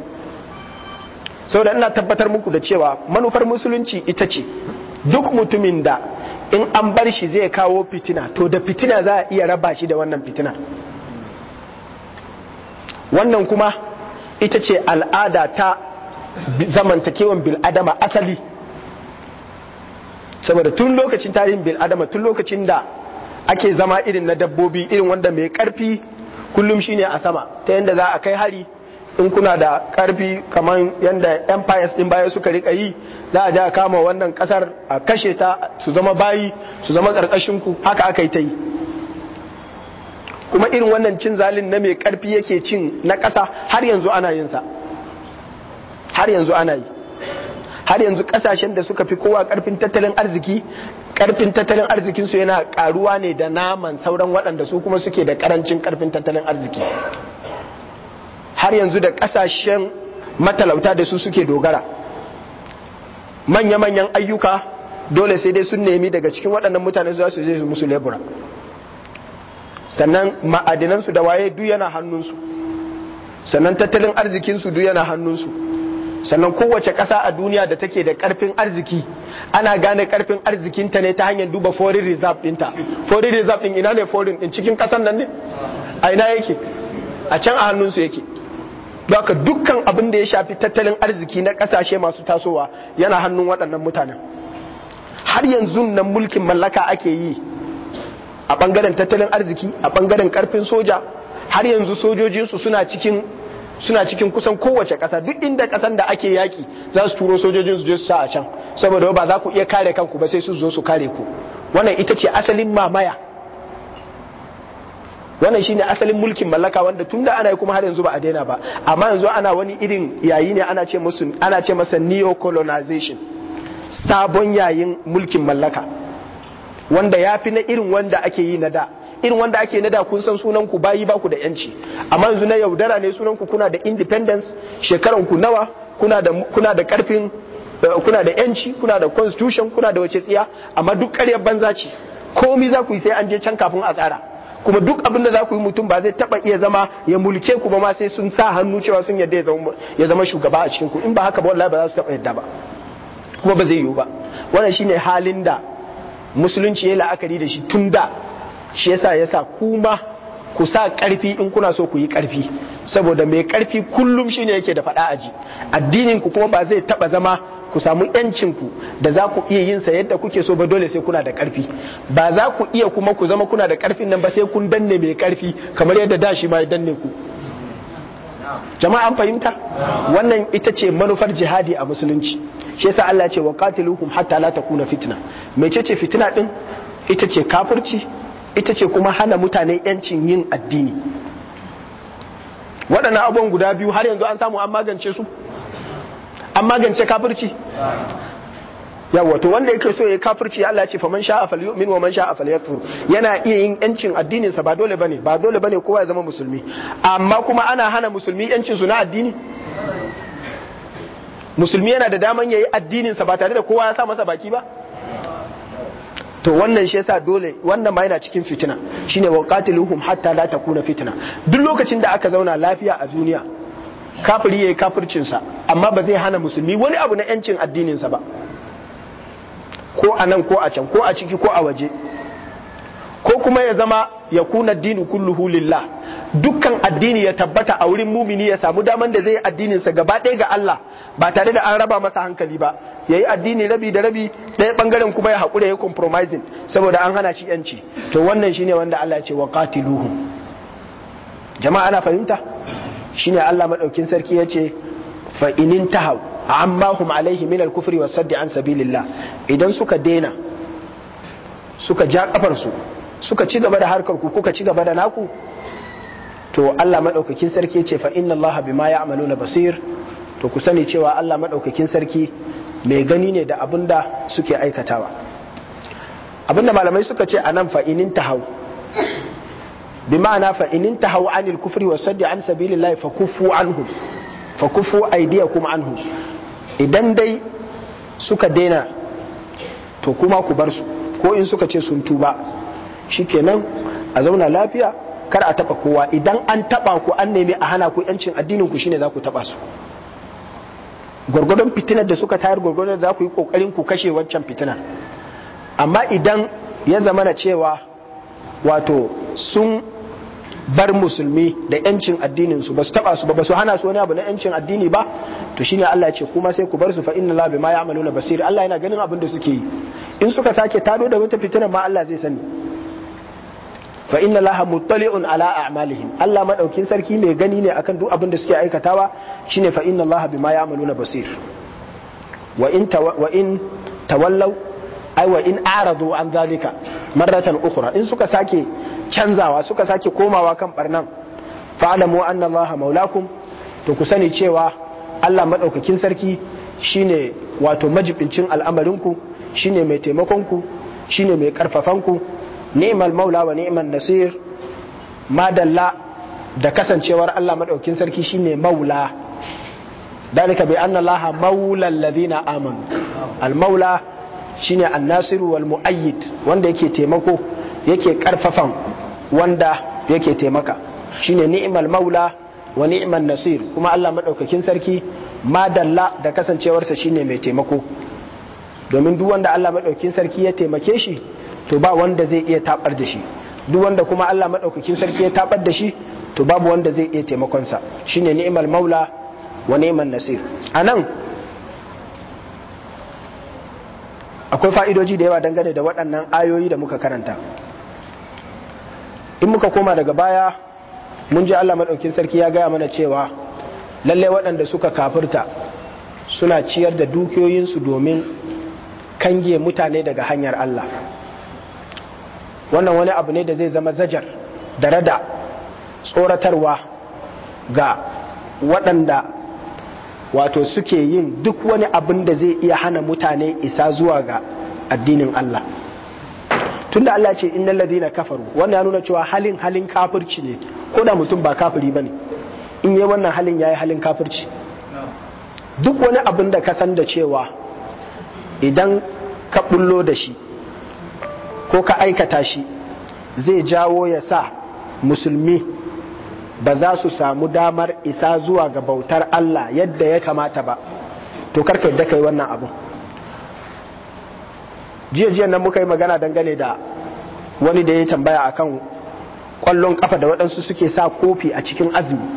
saboda ina tabbatar muku da cewa manufar musulunci ita ce duk mutumin da in an bar shi zai kawo fitina to da fitina za a iya raba shi da wannan fitina wannan kuma ita ce al'ada ta zamantakewan bil'adama asali saboda tun lokacin tarihin bil'adama tun lokacin da ake zama irin na dabbobi irin wanda mai karfi kullum shine a sama ta yadda za a kai hari in kuna da karfi kamar yadda empires din baya suka rika yi za a ja a kama wannan kasar a kashe ta su zama bayi su zama karkashin ku haka aka yi ta yi kuma irin wannan cin zalin na mai karfi yake cin na ƙasa har yanzu ana yin sa har yanzu ana yi har yanzu kasashen da suka fi kowa karfin tattalin arziki karfin tattalin arzikinsu yana karuwa ne da naman sauran waɗanda su kuma suke da karancin karfin tattalin arziki har yanzu da kasashen matalauta da su suke dogara manya-manyan ayyuka dole sai dai sun nemi daga cikin waɗannan mutane zuwa su zai musu lebura sannan ma'adinansu da waye duk yana hannunsu sannan tattalin arzikinsu duk yana hannunsu sannan kowace ƙasa a duniya da take da ƙarfin arziki ana gane ƙarfin arzikinta ne ta hanyar duba foreign reserve ɗinta foreign reserve ɗin ina ne foreign ɗin cikin ƙasan nan ne a ina yake a can a hannunsu yake haka dukkan abin da ya shafi tattalin arziki na ƙasashe masu tasowa yana hannun waɗannan mutanen har yanzu nan mulkin mallaka ake yi a ɓangaren tattalin arziki a ɓangaren ƙarfin soja har yanzu sojojinsu suna cikin suna cikin kusan kowace kasa duk inda kasan da ake yaki za su turo sojojin su je sa a can saboda ba za ku iya kare kanku ba sai su zo su kare ku wannan ita ce asalin mamaya wannan shine asalin mulkin mallaka wanda tun da ana yi kuma har yanzu ba a daina ba amma yanzu ana wani irin yayi ne ana ce ana ce masa neo colonization sabon yayin mulkin mallaka wanda ya fi na irin wanda ake yi na da irin wanda ake nada kun san sunan ku bayi ba ku da yanci amma yanzu na yaudara ne sunan ku kuna da independence shekaran ku nawa kuna da kuna da karfin eh, kuna da yanci kuna da constitution kuna da wace tsiya amma duk ƙaryar banza ce komai za ku yi sai an je can kafin a tsara kuma duk abin da za ku yi mutum ba zai taba iya zama ya mulke ku ba ma sai sun sa hannu cewa sun yadda ya zama shugaba a cikin ku in ba haka ba wallahi ba za su taba yadda ba kuma ba zai yiwu ba wannan shine halin da musulunci ya la'akari da shi tun da shi yasa yasa kuma ku sa karfi in kuna so ku yi karfi saboda mai karfi kullum shine yake da faɗa aji addinin ku kuma ba zai taɓa zama ku samu yancin ku da za ku iya yin sa yadda kuke so ba dole sai kuna da karfi. ba za ku iya kuma ku zama kuna da ƙarfin nan ba sai kun danne mai karfi kamar yadda da shi ma ya danne ku jama'a an fahimta wannan ita ce manufar jihadi a musulunci shi yasa Allah ya ce wa qatiluhum hatta la takuna fitna mecece fitina din ita ce kafirci ita ce kuma hana mutane yancin yin addini waɗannan abubuwan guda biyu har yanzu an samu an magance su an magance kafirci yawa to wanda yake so ya kafirci Allah ce faman afal yu'min wa man sha afal yakfur yana iya yin yancin addinin sa ba dole bane ba dole bane kowa ya zama musulmi amma kuma ana hana musulmi yancin su na addini musulmi yana da daman yayi addinin sa ba tare da kowa ya sa masa baki ba to wannan shi yasa dole wannan ma yana cikin fitina shine wa qatiluhum hatta la takuna fitina duk lokacin da aka zauna lafiya a duniya kafiri yayi kafircin sa amma ba zai hana musulmi wani abu na yancin addinin sa ba ko a nan ko a can ko a ciki ko a waje ko kuma ya zama ya kuna dinu kulluhu lillah dukkan addini ya tabbata a wurin mumini ya samu daman da zai yi addininsa gaba ɗaya ga Allah ba tare da an raba masa hankali ba ya yi addini rabi da rabi ɗaya ɓangaren kuma ya haƙura ya compromising saboda an hana shi yanci to wannan shine wanda Allah ya ce wa jama'a ana fahimta shine Allah madaukin sarki ya ce fa inin tahaw amma hum alaihi min al-kufri wa saddi an sabilillah idan suka daina suka ja kafar suka ci gaba da harkar ku kuka ci gaba da naku to Allah maɗaukakin sarki ce fa inna Allah bima ya'maluna basir to ku sani cewa Allah maɗaukakin sarki mai gani ne da abinda suke aikatawa abinda malamai suka ce anan fa inin tahau bi ma'ana fa inin tahau anil kufri wa saddi an sabilillahi fa kufu anhu fa kufu kuma anhu idan dai suka daina to kuma ku bar su ko in suka ce sun tuba shikenan a zauna lafiya kar a taba kowa idan an taba ku an nemi a hana ku yancin addinin ku shine za ku taba su gwargwadon fitinar da suka tayar gwargwadon za ku yi kokarin ku kashe waccan fitina. amma idan ya zama na cewa wato sun bar musulmi da yancin addinin su ba su taba su ba su hana su wani abu na yancin addini ba to shine Allah ya ce kuma sai ku bar su fa inna la bima ya'maluna basir Allah yana ganin abin da suke yi in suka sake tado da wata fitina ma Allah zai sani fa inna laha muttali'un ala a'malihim Allah madaukin sarki mai gani ne akan duk abin da suke aikatawa shine fa inna laha bima ya'maluna basir wa in wa in tawallaw ai wa in aradu an zalika marratan ukhra in suka sake canzawa suka sake komawa kan barnan fa'lamu anna Allah maulakum to ku sani cewa Allah madaukakin sarki shine wato majibincin al'amarinku shine mai taimakonku shine mai karfafanku ni'mal maula wa ni'man nasir madalla da kasancewar Allah madaukin sarki shine maula dalika bi anna Allah maula alladhina amanu al maula shine an-nasir wal muayyid wanda yake taimako yake karfafan wanda yake taimaka shine ni'mal maula wa ni'man nasir kuma Allah madaukakin sarki madalla da kasancewarsa shine mai taimako domin duk wanda Allah maɗaukin sarki ya taimake shi to ba wanda zai iya tabar da shi duk wanda kuma Allah madaukakin sarki ya tabar da shi to babu wanda zai iya taimakon sa shine ni'mal maula wa ni'mal nasir anan akwai fa'idoji da yawa dangane da waɗannan ayoyi da muka karanta in muka koma daga baya mun ji Allah madaukakin sarki ya gaya mana cewa lallai waɗanda suka kafirta suna ciyar da dukiyoyinsu domin kange mutane daga hanyar Allah wannan wani abu ne da zai zama zajar da rada tsoratarwa ga waɗanda wato suke yin duk wani abin da zai iya hana mutane isa zuwa ga addinin Allah tunda Allah ce innal ladina kafaru wannan ya nuna cewa halin halin kafirci ne ko da mutum ba kafiri bane in yi wannan halin ya yi halin kafirci duk wani abin da ka san da cewa idan ka bullo da shi ko ka aikata shi zai jawo ya sa musulmi ba za su samu damar isa zuwa ga bautar Allah yadda ya kamata ba to karka yadda kai wannan abu jiya jiya nan muka yi magana dangane da wani da ya tambaya akan kwallon kafa da waɗansu suke sa kofi a cikin azumi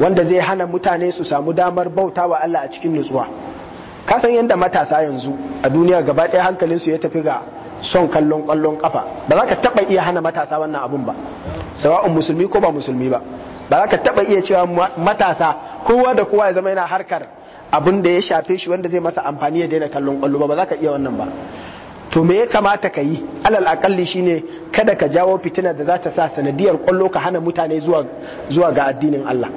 wanda zai hana mutane su samu damar bauta wa Allah a cikin nutsuwa ka san yadda matasa yanzu a duniya gaba ɗaya hankalinsu ya tafi ga son kallon kwallon kafa ba za ka taɓa iya hana matasa wannan abun ba sawa'un musulmi ko ba musulmi ba ba za ka taɓa iya cewa matasa kowa da kowa ya zama yana harkar abun da ya shafe shi wanda zai masa amfani ya daina kallon kwallo ba ba za ka iya wannan ba to me ya kamata ka yi alal akalli shine kada ka jawo fitina da za ta sa sanadiyar kwallo ka hana mutane zuwa zuwa ga addinin Allah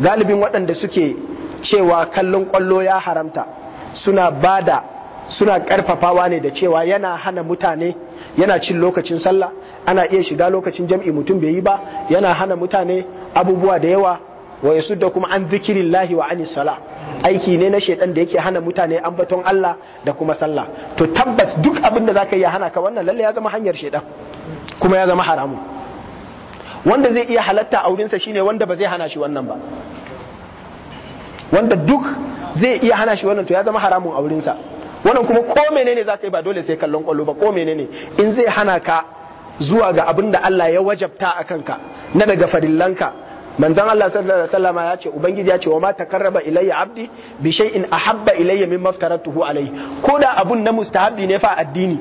galibin waɗanda suke cewa kallon kwallo ya haramta suna bada suna karfafawa ne da cewa yana hana mutane yana cin lokacin sallah ana iya shiga lokacin jam'i mutum bai yi ba yana hana mutane abubuwa da yawa wa da kuma an zikirillahi wa anis sala aiki ne na shedan da yake hana mutane an baton Allah da kuma sallah to tabbas duk abin da zaka iya hana ka wannan lalle ya zama hanyar shedan kuma ya zama haramun wanda zai iya halatta aurinsa shine wanda ba zai hana shi wannan ba wanda duk zai iya hana shi wannan to ya zama haramun sa wannan kuma ko menene za ka yi ba dole sai kallon kwallo ba ko menene in zai hana ka zuwa ga abin da Allah ya wajabta a kanka na daga farillanka manzon Allah sallallahu alaihi wasallama ya ce ubangiji ya ce wa ma takarraba ilayya abdi bi shay'in ahabba ilayya mimma aftaratuhu alayhi ko da abun na mustahabbi ne fa addini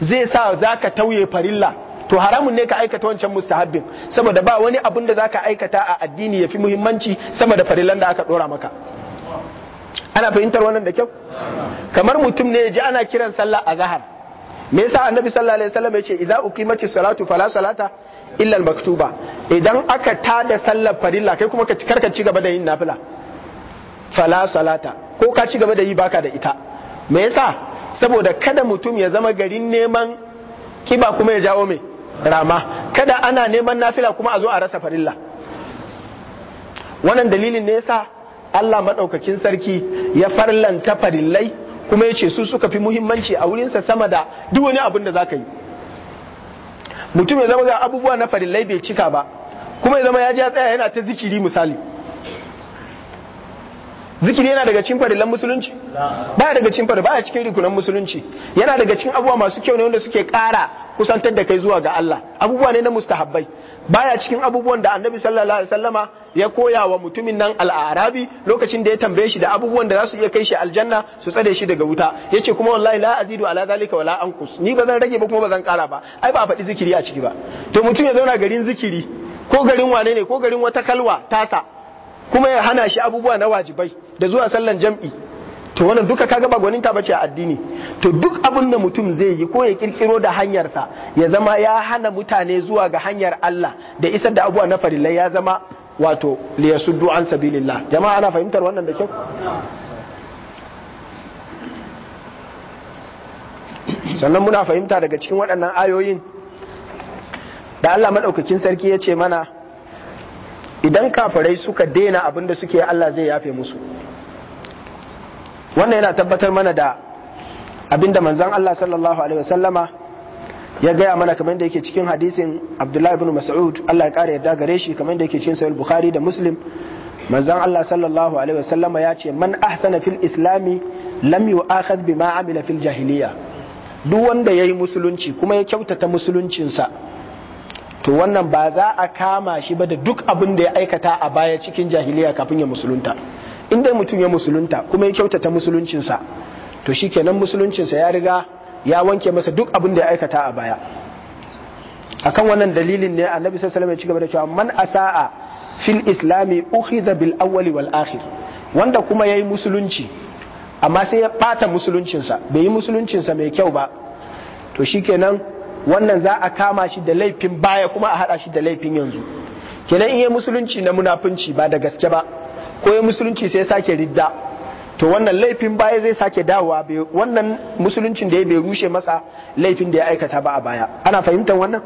zai sa zaka tauye farilla to haramun ne ka aikata wancan mustahabbin saboda ba wani abun da zaka aikata a addini yafi muhimmanci sama da farillan da aka dora maka ana fahimtar wannan da kyau kamar mutum ne ji ana kiran sallah a zahar me yasa annabi sallallahu alaihi wasallam ya ce idza uqimati salatu fala salata illa al maktuba idan aka tada sallar farilla kai kuma ka karka ci gaba da yin nafila fala salata ko ka ci gaba da yi baka da ita me yasa saboda kada mutum ya zama garin neman kiba kuma ya jawo me rama kada ana neman nafila kuma a zo a rasa farilla wannan dalilin ne yasa Allah maɗaukakin sarki ya farlanta farillai kuma ya ce su suka fi muhimmanci a wurinsa sama da duk wani abin da za ka yi mutum ya zama ga abubuwa na farillai bai cika ba kuma ya zama ya ja tsaya yana ta zikiri misali zikiri yana daga cikin farillan musulunci baya daga cikin farilla cikin rikunan musulunci yana daga cikin abubuwa masu kyau ne wanda suke ƙara kusantar da kai zuwa ga Allah abubuwa ne na mustahabbai baya cikin abubuwan da Annabi sallallahu alaihi wasallama ya koya wa mutumin nan al'arabi lokacin da ya tambaye shi da abubuwan da za su iya kai shi aljanna su tsare shi daga wuta yace kuma wallahi la azidu ala zalika wala anqus ni ba rage ba kuma bazan zan ƙara ba ai ba faɗi zikiri a ciki ba to mutum ya zauna garin zikiri ko garin wane ne ko garin wata kalwa tasa kuma ya hana shi abubuwa na wajibai da zuwa sallan jam'i to wannan duka kaga ba ta bace a addini to duk abin da mutum zai yi ko ya kirkiro da hanyarsa ya zama ya hana mutane zuwa ga hanyar Allah da isar da abuwa na farilla ya zama wato liyasuddu an sabilillah jama'a ana fahimtar wannan da kyau sannan muna fahimta daga cikin waɗannan ayoyin da Allah maɗaukakin sarki ya ce mana idan kafirai suka dena abin da suke Allah zai yafe musu wannan yana tabbatar mana da abinda manzan Allah sallallahu alaihi wasallama ya gaya mana kamar da yake cikin hadisin Abdullahi ibn Mas'ud Allah ya kare yarda gare shi kamar da yake cikin Sahih Bukhari da Muslim manzan Allah sallallahu alaihi wasallama ya ce man ahsana fil islami lam yu'akhadh bima amila fil jahiliya duk wanda ya yi musulunci kuma ya kyautata musuluncinsa to wannan ba za a kama shi ba da duk abin da ya aikata a baya cikin jahiliya kafin ya musulunta in dai mutum ya musulunta kuma ya kyautata musuluncinsa to shikenan musuluncinsa ya riga ya wanke masa duk abin da ya aikata a baya akan wannan dalilin ne annabi sallallahu alaihi wasallam ya cigaba da cewa man asaa fil islami ukhidha bil awwali wal akhir wanda kuma yayi musulunci amma sai ya bata musuluncinsa bai yi musuluncinsa mai kyau ba to shikenan wannan za a kama shi da laifin baya kuma a hada shi da laifin yanzu kenan in yi musulunci na munafunci ba da gaske ba ko ya musulunci sai sake ridda to wannan laifin baya zai sake dawowa wannan musuluncin da ya bai rushe masa laifin da ya aikata ba a baya ana fahimtar wannan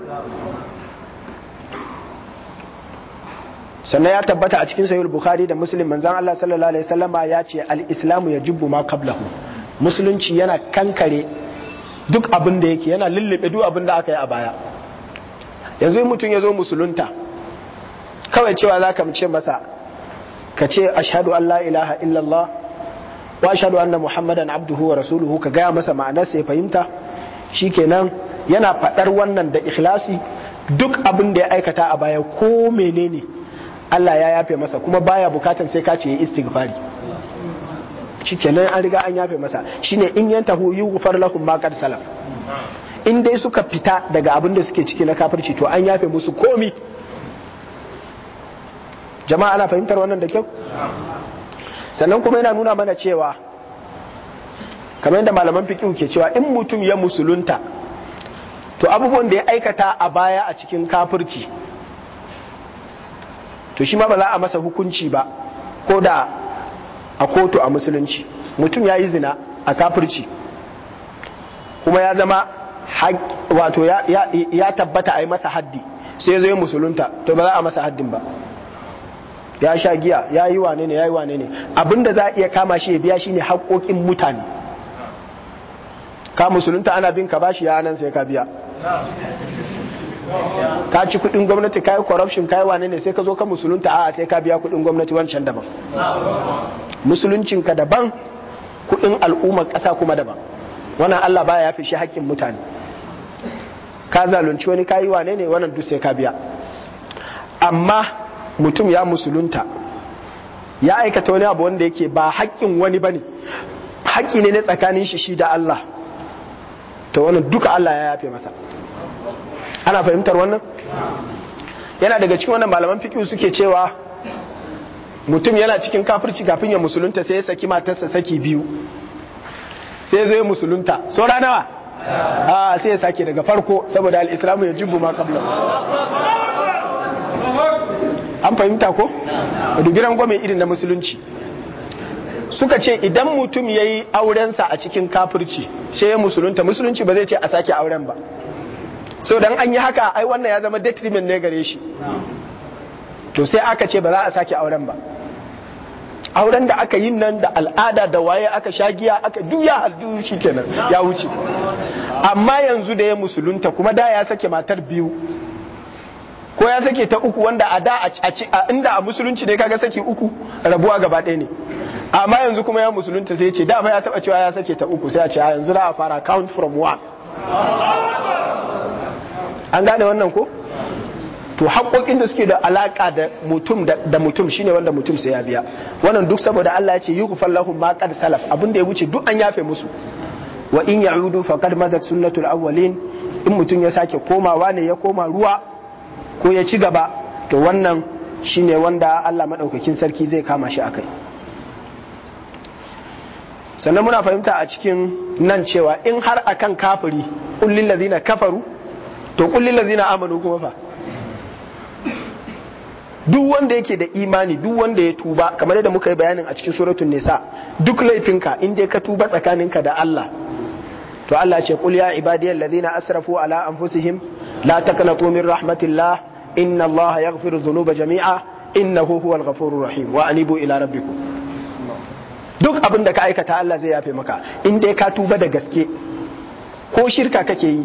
sannan ya tabbata a cikin sayul bukhari da muslim manzan Allah sallallahu alaihi wasallama ya ce al ya yajibu ma qablahu musulunci yana kankare duk abin da yake yana lullube duk abin da aka yi a baya yanzu mutum ya zo musulunta kawai cewa za ka mace masa ka ce ashadu an la ilaha illallah wa ashhadu anna muhammadan abduhu wa rasuluhu ka gaya masa ma'anar sai fahimta shikenan yana faɗar wannan da ikhlasi duk abin da ya aikata a baya ko menene Allah ya yafe masa kuma baya bukatan sai ka ce ya istighfari shikenan an riga an yafe masa shine in hu yughfar lahum ma qad salaf in dai suka fita daga abin da suke ciki na kafirci to an yafe musu komi jama'a ana fahimtar wannan da kyau sannan kuma yana nuna mana cewa kamar yadda malaman fiqh ke cewa in mutum ya musulunta to abubuwan da ya aikata a baya a cikin kafirci to shi ma ba za a masa hukunci ba ko da a kotu a musulunci mutum ya yi zina a kafirci kuma ya zama wato ya, tabbata a yi masa haddi sai zai musulunta to ba za a masa haddin ba ya sha giya ya yi wane ne ya yi wane ne abinda za a iya kama shi ya biya shine haƙoƙin mutane ka musulunta ana bin ka bashi ya nan sai ka biya ka ci kudin gwamnati ka yi corruption yi wane ne sai ka zo ka musulunta a'a sai ka biya kudin gwamnati wancan daban musuluncin ka daban kudin al'ummar ƙasa kuma daban wannan Allah baya fi shi haƙƙin mutane ka zalunci wani kai wane ne wannan duk sai ka biya amma mutum ya musulunta ya aikata wani abu wanda yake ba haƙƙin wani ba ne haƙƙi ne na tsakanin shi shi da Allah to wani duka Allah ya yafe masa ana fahimtar wannan yana daga cikin wannan malaman fiqh suke cewa mutum yana cikin kafirci kafin ya musulunta sai ya saki matarsa saki biyu sai ya zo ya musulunta saura nawa ah, sai ya sake daga farko saboda al ya jibu ma qabla an fahimta ko gidan gwamnati irin na musulunci suka ce idan mutum ya yi aurensa a cikin kafirci sai ya musulunta musulunci ba zai ce a sake auren ba so dan an yi haka ai wannan ya zama detriment ne gare shi to sai aka ce ba za a sake auren ba auren da aka yi nan da al'ada da waye aka sha giya aka duya haldu shi kenan ya wuce amma yanzu da ya musulunta kuma da ya sake matar biyu ko ya sake ta uku wanda a da a inda a musulunci ne kaga sake uku rabuwa gaba ɗaya ne amma yanzu kuma ya musulunta sai ce dama ya taba cewa ya sake ta uku sai a ce a yanzu za a fara count from one an gane wannan ko to haƙoƙin da suke da alaƙa da mutum da mutum shine wanda mutum sai ya biya wannan duk saboda Allah ya ce yughfar lahum ma qad salaf abin ya wuce duk an yafe musu wa in ya'udu faqad madat sunnatul awwalin in mutum ya sake komawa ne ya koma ruwa ko ya ci gaba to wannan shi ne wanda Allah maɗaukakin sarki zai kama shi akai sannan muna fahimta a cikin nan cewa in har akan kafiri kullin lazina kafaru to kullin lazina amanu kuma fa duk wanda yake da imani duk wanda ya tuba kamar yadda muka yi bayanin a cikin suratun nisa duk laifinka in dai ka tuba tsakaninka da Allah to Allah ce kul ya ibadiyal lazina asrafu ala anfusihim la taqnatu min rahmatillah inna allaha yaghfiru dhunuba jami'a innahu huwal ghafurur rahim wa anibu ila rabbikum duk abin da ka aikata Allah zai yafe maka in dai ka tuba da gaske ko shirka kake yi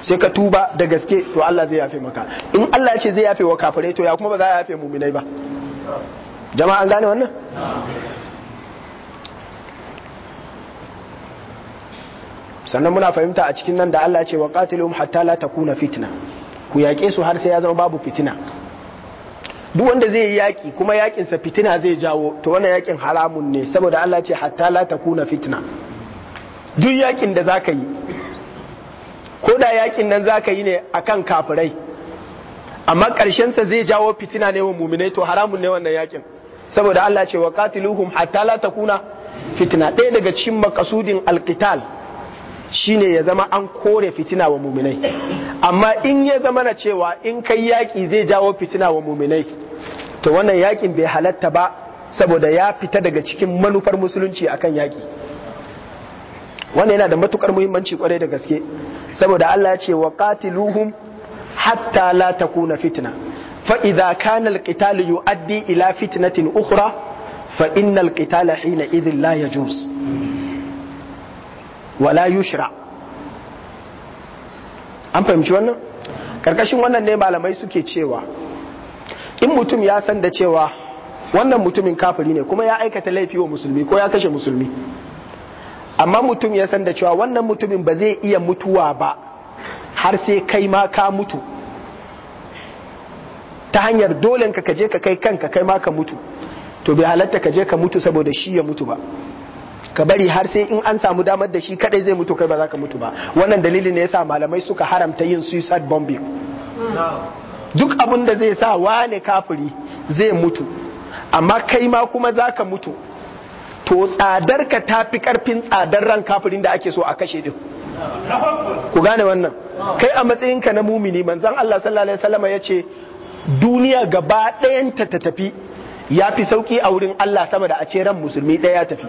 sai ka tuba da gaske to Allah zai yafe maka in Allah ya ce zai yafe wa kafirai to ya kuma ba za a yafe muminai ba Jama'an gane wannan sannan muna fahimta a cikin nan da Allah ya ce wa qatilum hatta la takuna fitna ku yaƙe su har sai ya zama babu fitina duk wanda zai yi yaƙi kuma yaƙin sa fitina zai jawo to wannan yaƙin haramun ne saboda Allah ya ce hatta la takuna fitna duk yaƙin da zaka yi ko da yaƙin nan zaka yi ne akan kafirai amma ƙarshen sa zai jawo fitina ne wa mu'minai to haramun ne wannan yaƙin saboda Allah ya ce wa qatiluhum hatta la takuna fitna ɗaya daga cikin makasudin alqital shine ya zama an kore fitina wa muminai amma in ya zama na cewa in kai yaƙi zai jawo fitina wa muminai to wannan yaƙin bai halatta ba saboda ya fita daga cikin manufar musulunci akan yaƙi wannan yana da matukar muhimmanci kwarai da gaske saboda Allah ya ce wa qatiluhum hatta la takuna fitna fa idza kana alqital yuaddi ila fitnatin ukhra fa innal qitala hina idhin la yajuz wala yushra an fahimci wannan karkashin wannan ne malamai suke cewa in mutum ya san da cewa wannan mutumin kafiri ne kuma ya aikata laifi wa musulmi ko ya kashe musulmi amma mutum ya san da cewa wannan mutumin ba zai iya mutuwa ba har sai kai ma ka mutu ta hanyar dole ka kaje ka kai kanka kai ma ka mutu to bai halatta ka je ka mutu saboda shi ya mutu ba ka bari har sai in an samu damar da shi kadai zai mutu kai ba za ka mutu ba wannan dalilin ne yasa malamai suka haramta yin suicide bombing duk abin da zai sa wane kafiri zai mutu amma kai ma kuma za ka mutu to tsadar ka ta fi karfin tsadar ran kafirin da ake so a kashe din ku gane wannan kai a matsayin ka na mumini manzon Allah sallallahu alaihi wasallam ya ce duniya gaba ɗayanta ta tafi ya fi sauki a wurin Allah sama da a ce ran musulmi ɗaya ya tafi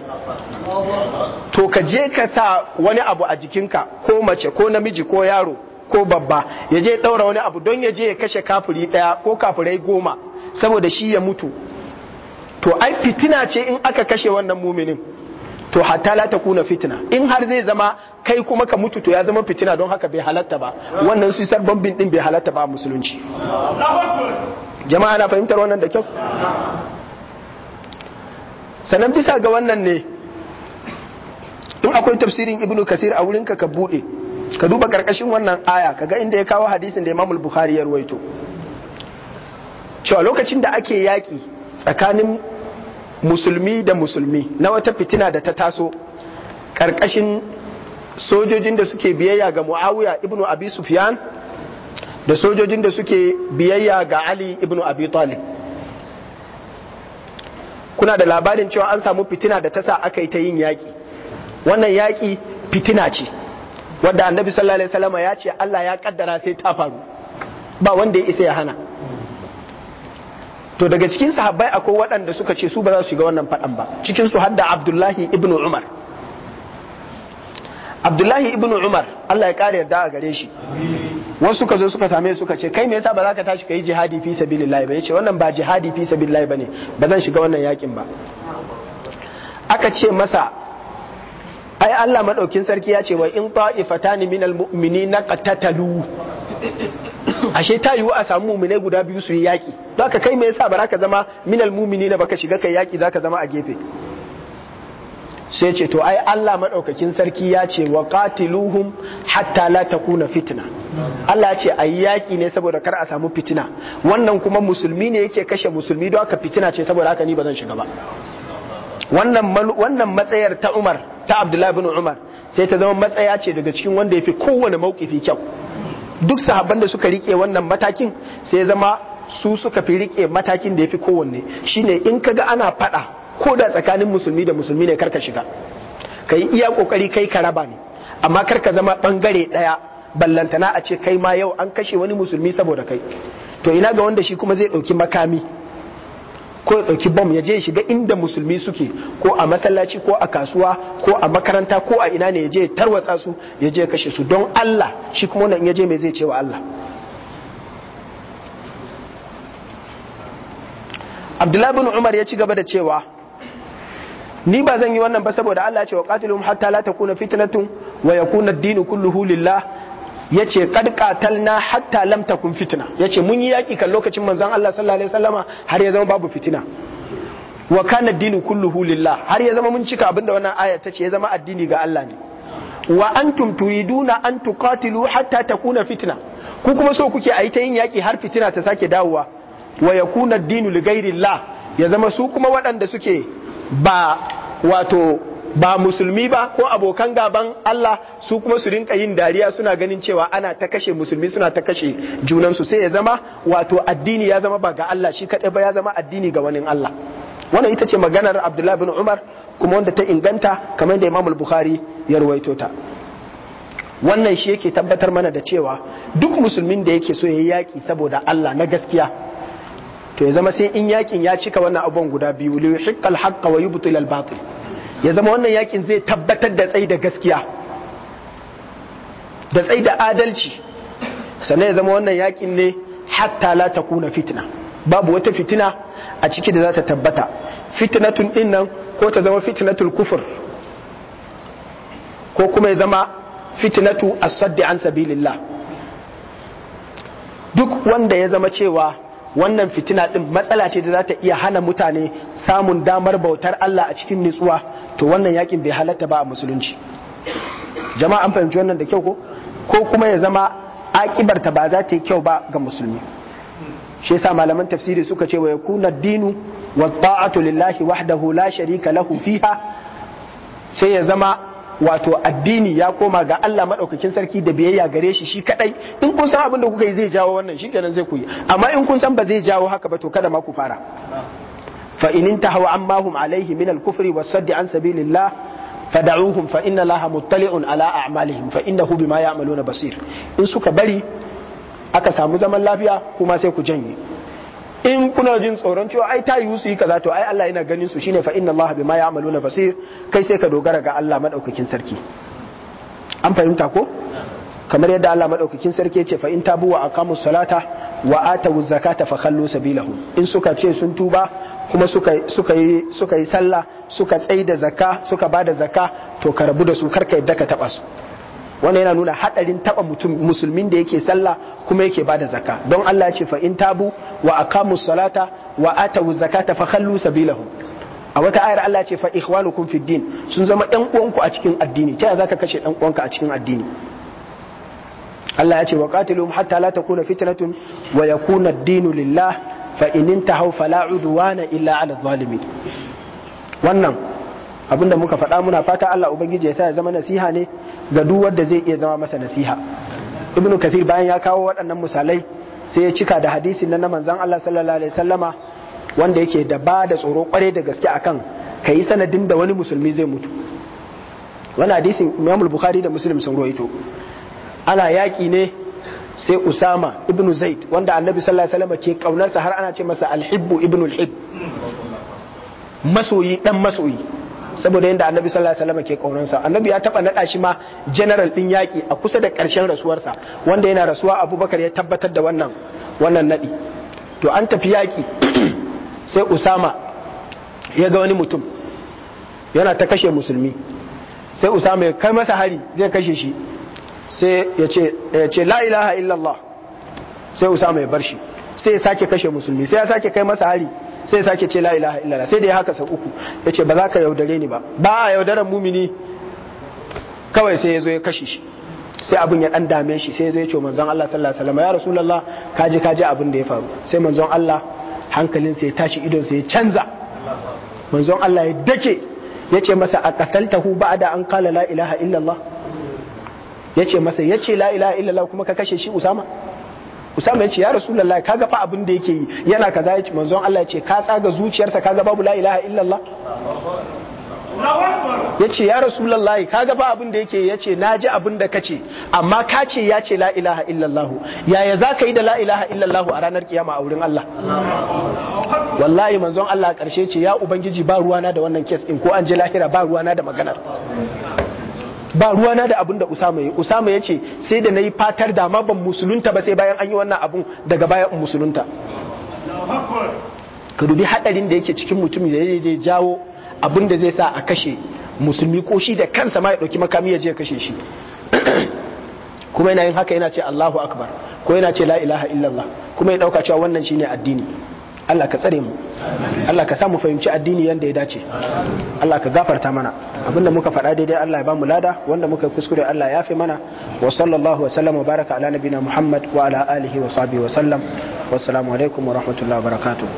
to ka je ka sa wani abu a jikinka ko mace ko namiji ko yaro ko babba ya je ɗaura wani abu don ya je ya kashe kafiri ɗaya ko kafurai goma saboda shi ya mutu to ai fitina ce in aka kashe wannan muminin to hatta la ta kuna fitina in har zai zama kai kuma ka mutu to ya zama fitina don haka bai halatta ba wannan su sar bombin din bai halatta ba a musulunci jama'a na fahimtar wannan da kyau sannan bisa ga wannan ne in akwai tafsirin ibnu kasir a wurin ka ka bude ka duba karkashin wannan aya kaga inda ya kawo hadisin da imamul bukhari ya ruwaito cewa lokacin da ake yaki tsakanin musulmi da musulmi na wata fitina da ta taso ƙarƙashin sojojin da suke biyayya ga muawiya ibnu abi sufyan da sojojin da suke biyayya ga ali ibnu abi talib kuna da labarin cewa an samu fitina da ta sa aka yi ta yin yaƙi wannan yaƙi fitina ce wadda annabi sallallahu alaihi ya ce Allah ya kaddara sai ta faru ba wanda ya isa ya hana to daga cikin sahabbai akwai waɗanda suka ce su ba za su shiga wannan faɗan ba cikin su hadda abdullahi ibn umar abdullahi ibn umar allah ya ƙara yarda a gare shi wasu suka zo suka same suka ce kai me yasa ba za ka tashi ka jihadi fi sabilillahi ba yace wannan ba jihadi fi sabilillahi bane ba zan shiga wannan yakin ba aka ce masa ai Allah madaukin sarki ya ce wa in ta'ifatan minal mu'minina qatatalu ashe ta yiwu a samu muminai guda biyu su yi yaki don kai mai yasa ba ka zama minal mumini na baka shiga kai yaƙi za ka zama a gefe sai ce to ai Allah madaukakin sarki ya ce wa qatiluhum hatta la takuna fitna Allah ya ce ai yaki ne saboda kar a samu fitina wannan kuma musulmi ne yake kashe musulmi don haka fitina ce saboda haka ni ba shiga ba wannan wannan matsayar ta Umar ta Abdullahi bin Umar sai ta zama matsaya ce daga cikin wanda yafi kowane maukifi kyau duk sahabban da suka rike wannan matakin sai zama su suka fi rike matakin da ya fi kowanne shine in kaga ana faɗa ko da tsakanin musulmi da musulmi ne karka shiga ka yi iya kokari kai ka raba ne amma karka zama bangare ɗaya ballantana a ce kai ma yau an kashe wani musulmi saboda kai to ina ga wanda shi kuma zai ɗauki makami ko ya ɗauki bom ya je ya shiga inda musulmi suke ko a masallaci ko a kasuwa ko a makaranta ko a ina ne ya je ya tarwatsa su ya je ya kashe su don Allah shi kuma wannan ya je mai zai cewa Allah Abdullahi bin Umar ya ci gaba da cewa ni ba zan yi wannan ba saboda Allah ya ce wa qatiluhum hatta la takuna fitnatun wa yakuna ad-din kulluhu lillah yace kad na hatta lam takun ya yace mun yi yaki kan lokacin manzon Allah sallallahu alaihi wasallama har ya zama babu fitina wa kana dinu kulluhu lillah har ya zama mun cika abinda wannan aya ce ya zama addini ga Allah ne wa antum turiduna an tuqatilu hatta takuna fitna ku kuma so kuke ayi ta yin yaki har fitina ta sake dawowa wa yakuna dinu li ya zama su kuma waɗanda suke ba wato ba musulmi ba ko abokan gaban Allah su kuma su rinka yin dariya suna ganin cewa ana ta kashe musulmi suna ta kashe junansu sai ya zama wato addini ya zama ba ga Allah shi kaɗai ba ya zama addini ga wani Allah wannan ita ce maganar Abdullahi bin Umar kuma wanda ta inganta kamar da Imam Bukhari ya ruwaito ta wannan shi yake tabbatar mana da cewa duk musulmin da yake so ya yi yaki saboda Allah na gaskiya to ya zama sai in yakin ya cika wannan abubuwan guda biyu li yuhiqqal haqqa wa yubtilal batil ya zama wannan yakin zai tabbatar da tsayi da gaskiya da tsayi da adalci sannan ya zama wannan yakin ne hatta la takuna fitina. babu wata fitina a ciki da za ta tabbata fitnatun din nan ko ta zama fitinatul kufur ko kuma ya zama fitinatu a saddi an sabilillah duk wanda ya zama cewa wannan fitina din matsala ce da za ta iya hana mutane samun damar bautar Allah a cikin nutsuwa to wannan yakin bai halatta ba a musulunci jama'a an fahimci wannan da kyau ko ko kuma ya zama akibarta ba za ta yi kyau ba ga musulmi shi yasa malaman tafsiri suka ce wa yakuna dinu wa ta'atu lillahi wahdahu la sharika lahu fiha sai ya zama wato addini ya koma ga Allah madaukakin sarki da biyayya gare shi shi kadai in kun san abin da kuka yi zai jawo wannan shi kenan zai ku yi amma in kun san ba zai jawo haka ba to kada ma ku fara fa in intahu amma hum alaihi min al-kufri was-sadd an sabilillah fad'uhum fa inna laha muttali'un ala a'malihim fa innahu bima ya'maluna basir in suka bari aka samu zaman lafiya kuma sai ku janye in kuna jin tsoron cewa ai ta yi su yi kaza to ai Allah yana ganin su shine fa inna Allah bima ya'maluna basir kai sai ka dogara ga Allah madaukakin sarki an fahimta ko kamar yadda Allah madaukakin sarki yace fa in tabu wa aqamu salata wa atu zakata fa khallu sabilahu in suka ce sun tuba kuma suka suka yi suka yi sallah suka tsaida zakka suka bada zakka to ka rabu da su karka yadda ka taba su wannan yana nuna hadarin taba mutum musulmin da yake sallah kuma yake bada zakka don Allah ya ce fa in tabu wa aqamu salata wa atu zakata fa khallu sabilahum a wata ayar Allah ya ce fa ikhwanukum fid din sun zama yan uwanku a cikin addini ta zaka kashe dan uwanka a cikin addini Allah ya ce wa qatiluhum hatta la takuna fitnatun wa yakuna ad-dinu lillah fa in intahu fala udwana illa ala zalimin wannan abinda muka faɗa muna fata Allah ubangiji ya sa ya zama nasiha ne ga duk wanda zai iya zama masa nasiha ibnu kathir bayan ya kawo waɗannan misalai sai ya cika da hadisin na manzon Allah sallallahu alaihi wasallama wanda yake da ba da tsoro kware da gaske akan kai sanadin da wani musulmi zai mutu wani hadisin Imam Bukhari da Muslim sun ruwaito ana yaki ne sai Usama ibnu Zaid wanda Annabi sallallahu alaihi wasallama ke kaunarsa har ana ce masa Alhibbu hibbu ibnu al masoyi dan masoyi saboda yadda annabi sallallahu alaihi wasallam ke kaunansa annabi ya taba nada shi ma general din yaki a kusa da karshen rasuwarsa wanda yana rasuwa abubakar ya tabbatar da wannan wannan nadi to an tafi yaki sai usama ya ga wani mutum yana ta kashe musulmi sai usama ya kai masa hari zai kashe shi sai ya ce la ilaha illallah sai usama ya bar shi sai ya sake kashe musulmi sai ya sake kai masa hari sai sake ce la ilaha illallah sai da ya haka sau uku ya ce ba za ka yaudare ni ba ba a yaudaran mumini kawai sai ya zo ya kashe shi sai abin ya dan dame shi sai zai ce manzon Allah sallallahu alaihi wasallam ya rasulullah kaji kaji abin da ya faru sai manzon Allah hankalinsa ya tashi idonsa ya canza manzon Allah ya dake ya ce masa a qataltahu ba'da an qala la ilaha illallah ya ce masa ya ce la ilaha illallah kuma ka kashe shi usama usama ya ce ya rasulullahi kaga fa abin da yake yi yana kaza ya ce manzon Allah ya ce ka tsaga zuciyarsa kaga babu la ilaha illallah ya ce ya rasulullahi kaga fa abin da yake ya ce na ji abin da ka ce amma ka ce ya ce la ilaha illallah yaya za ka yi da la ilaha illallah a ranar kiyama a wurin Allah wallahi manzon Allah karshe ce ya ubangiji ba ruwana da wannan kes ɗin ko an je lahira ba ruwana da maganar ba ruwana da abin da Usama ya Usama ya ce sai da na yi fatar da ma ban musulunta ba sai bayan an yi wannan abun daga bayan in musulunta ka dubi hadarin da yake cikin mutum da ya jawo abin da zai sa a kashe musulmi ko shi da kansa ma ya dauki makami ya je kashe shi kuma yana yin haka yana ce Allahu akbar ko yana ce la ilaha illallah kuma ya dauka cewa wannan shine addini Allah ka tsare mu Allah ka sa mu fahimci addini yanda ya dace Allah ka gafarta mana abinda muka faɗa daidai Allah ya bamu lada wanda muka kuskure Allah ya fi mana wa sallallahu wa wa baraka ala nabina Muhammad wa ala alihi wa sahbihi wa sallam wassalamu alaikum wa rahmatullahi wa barakatuh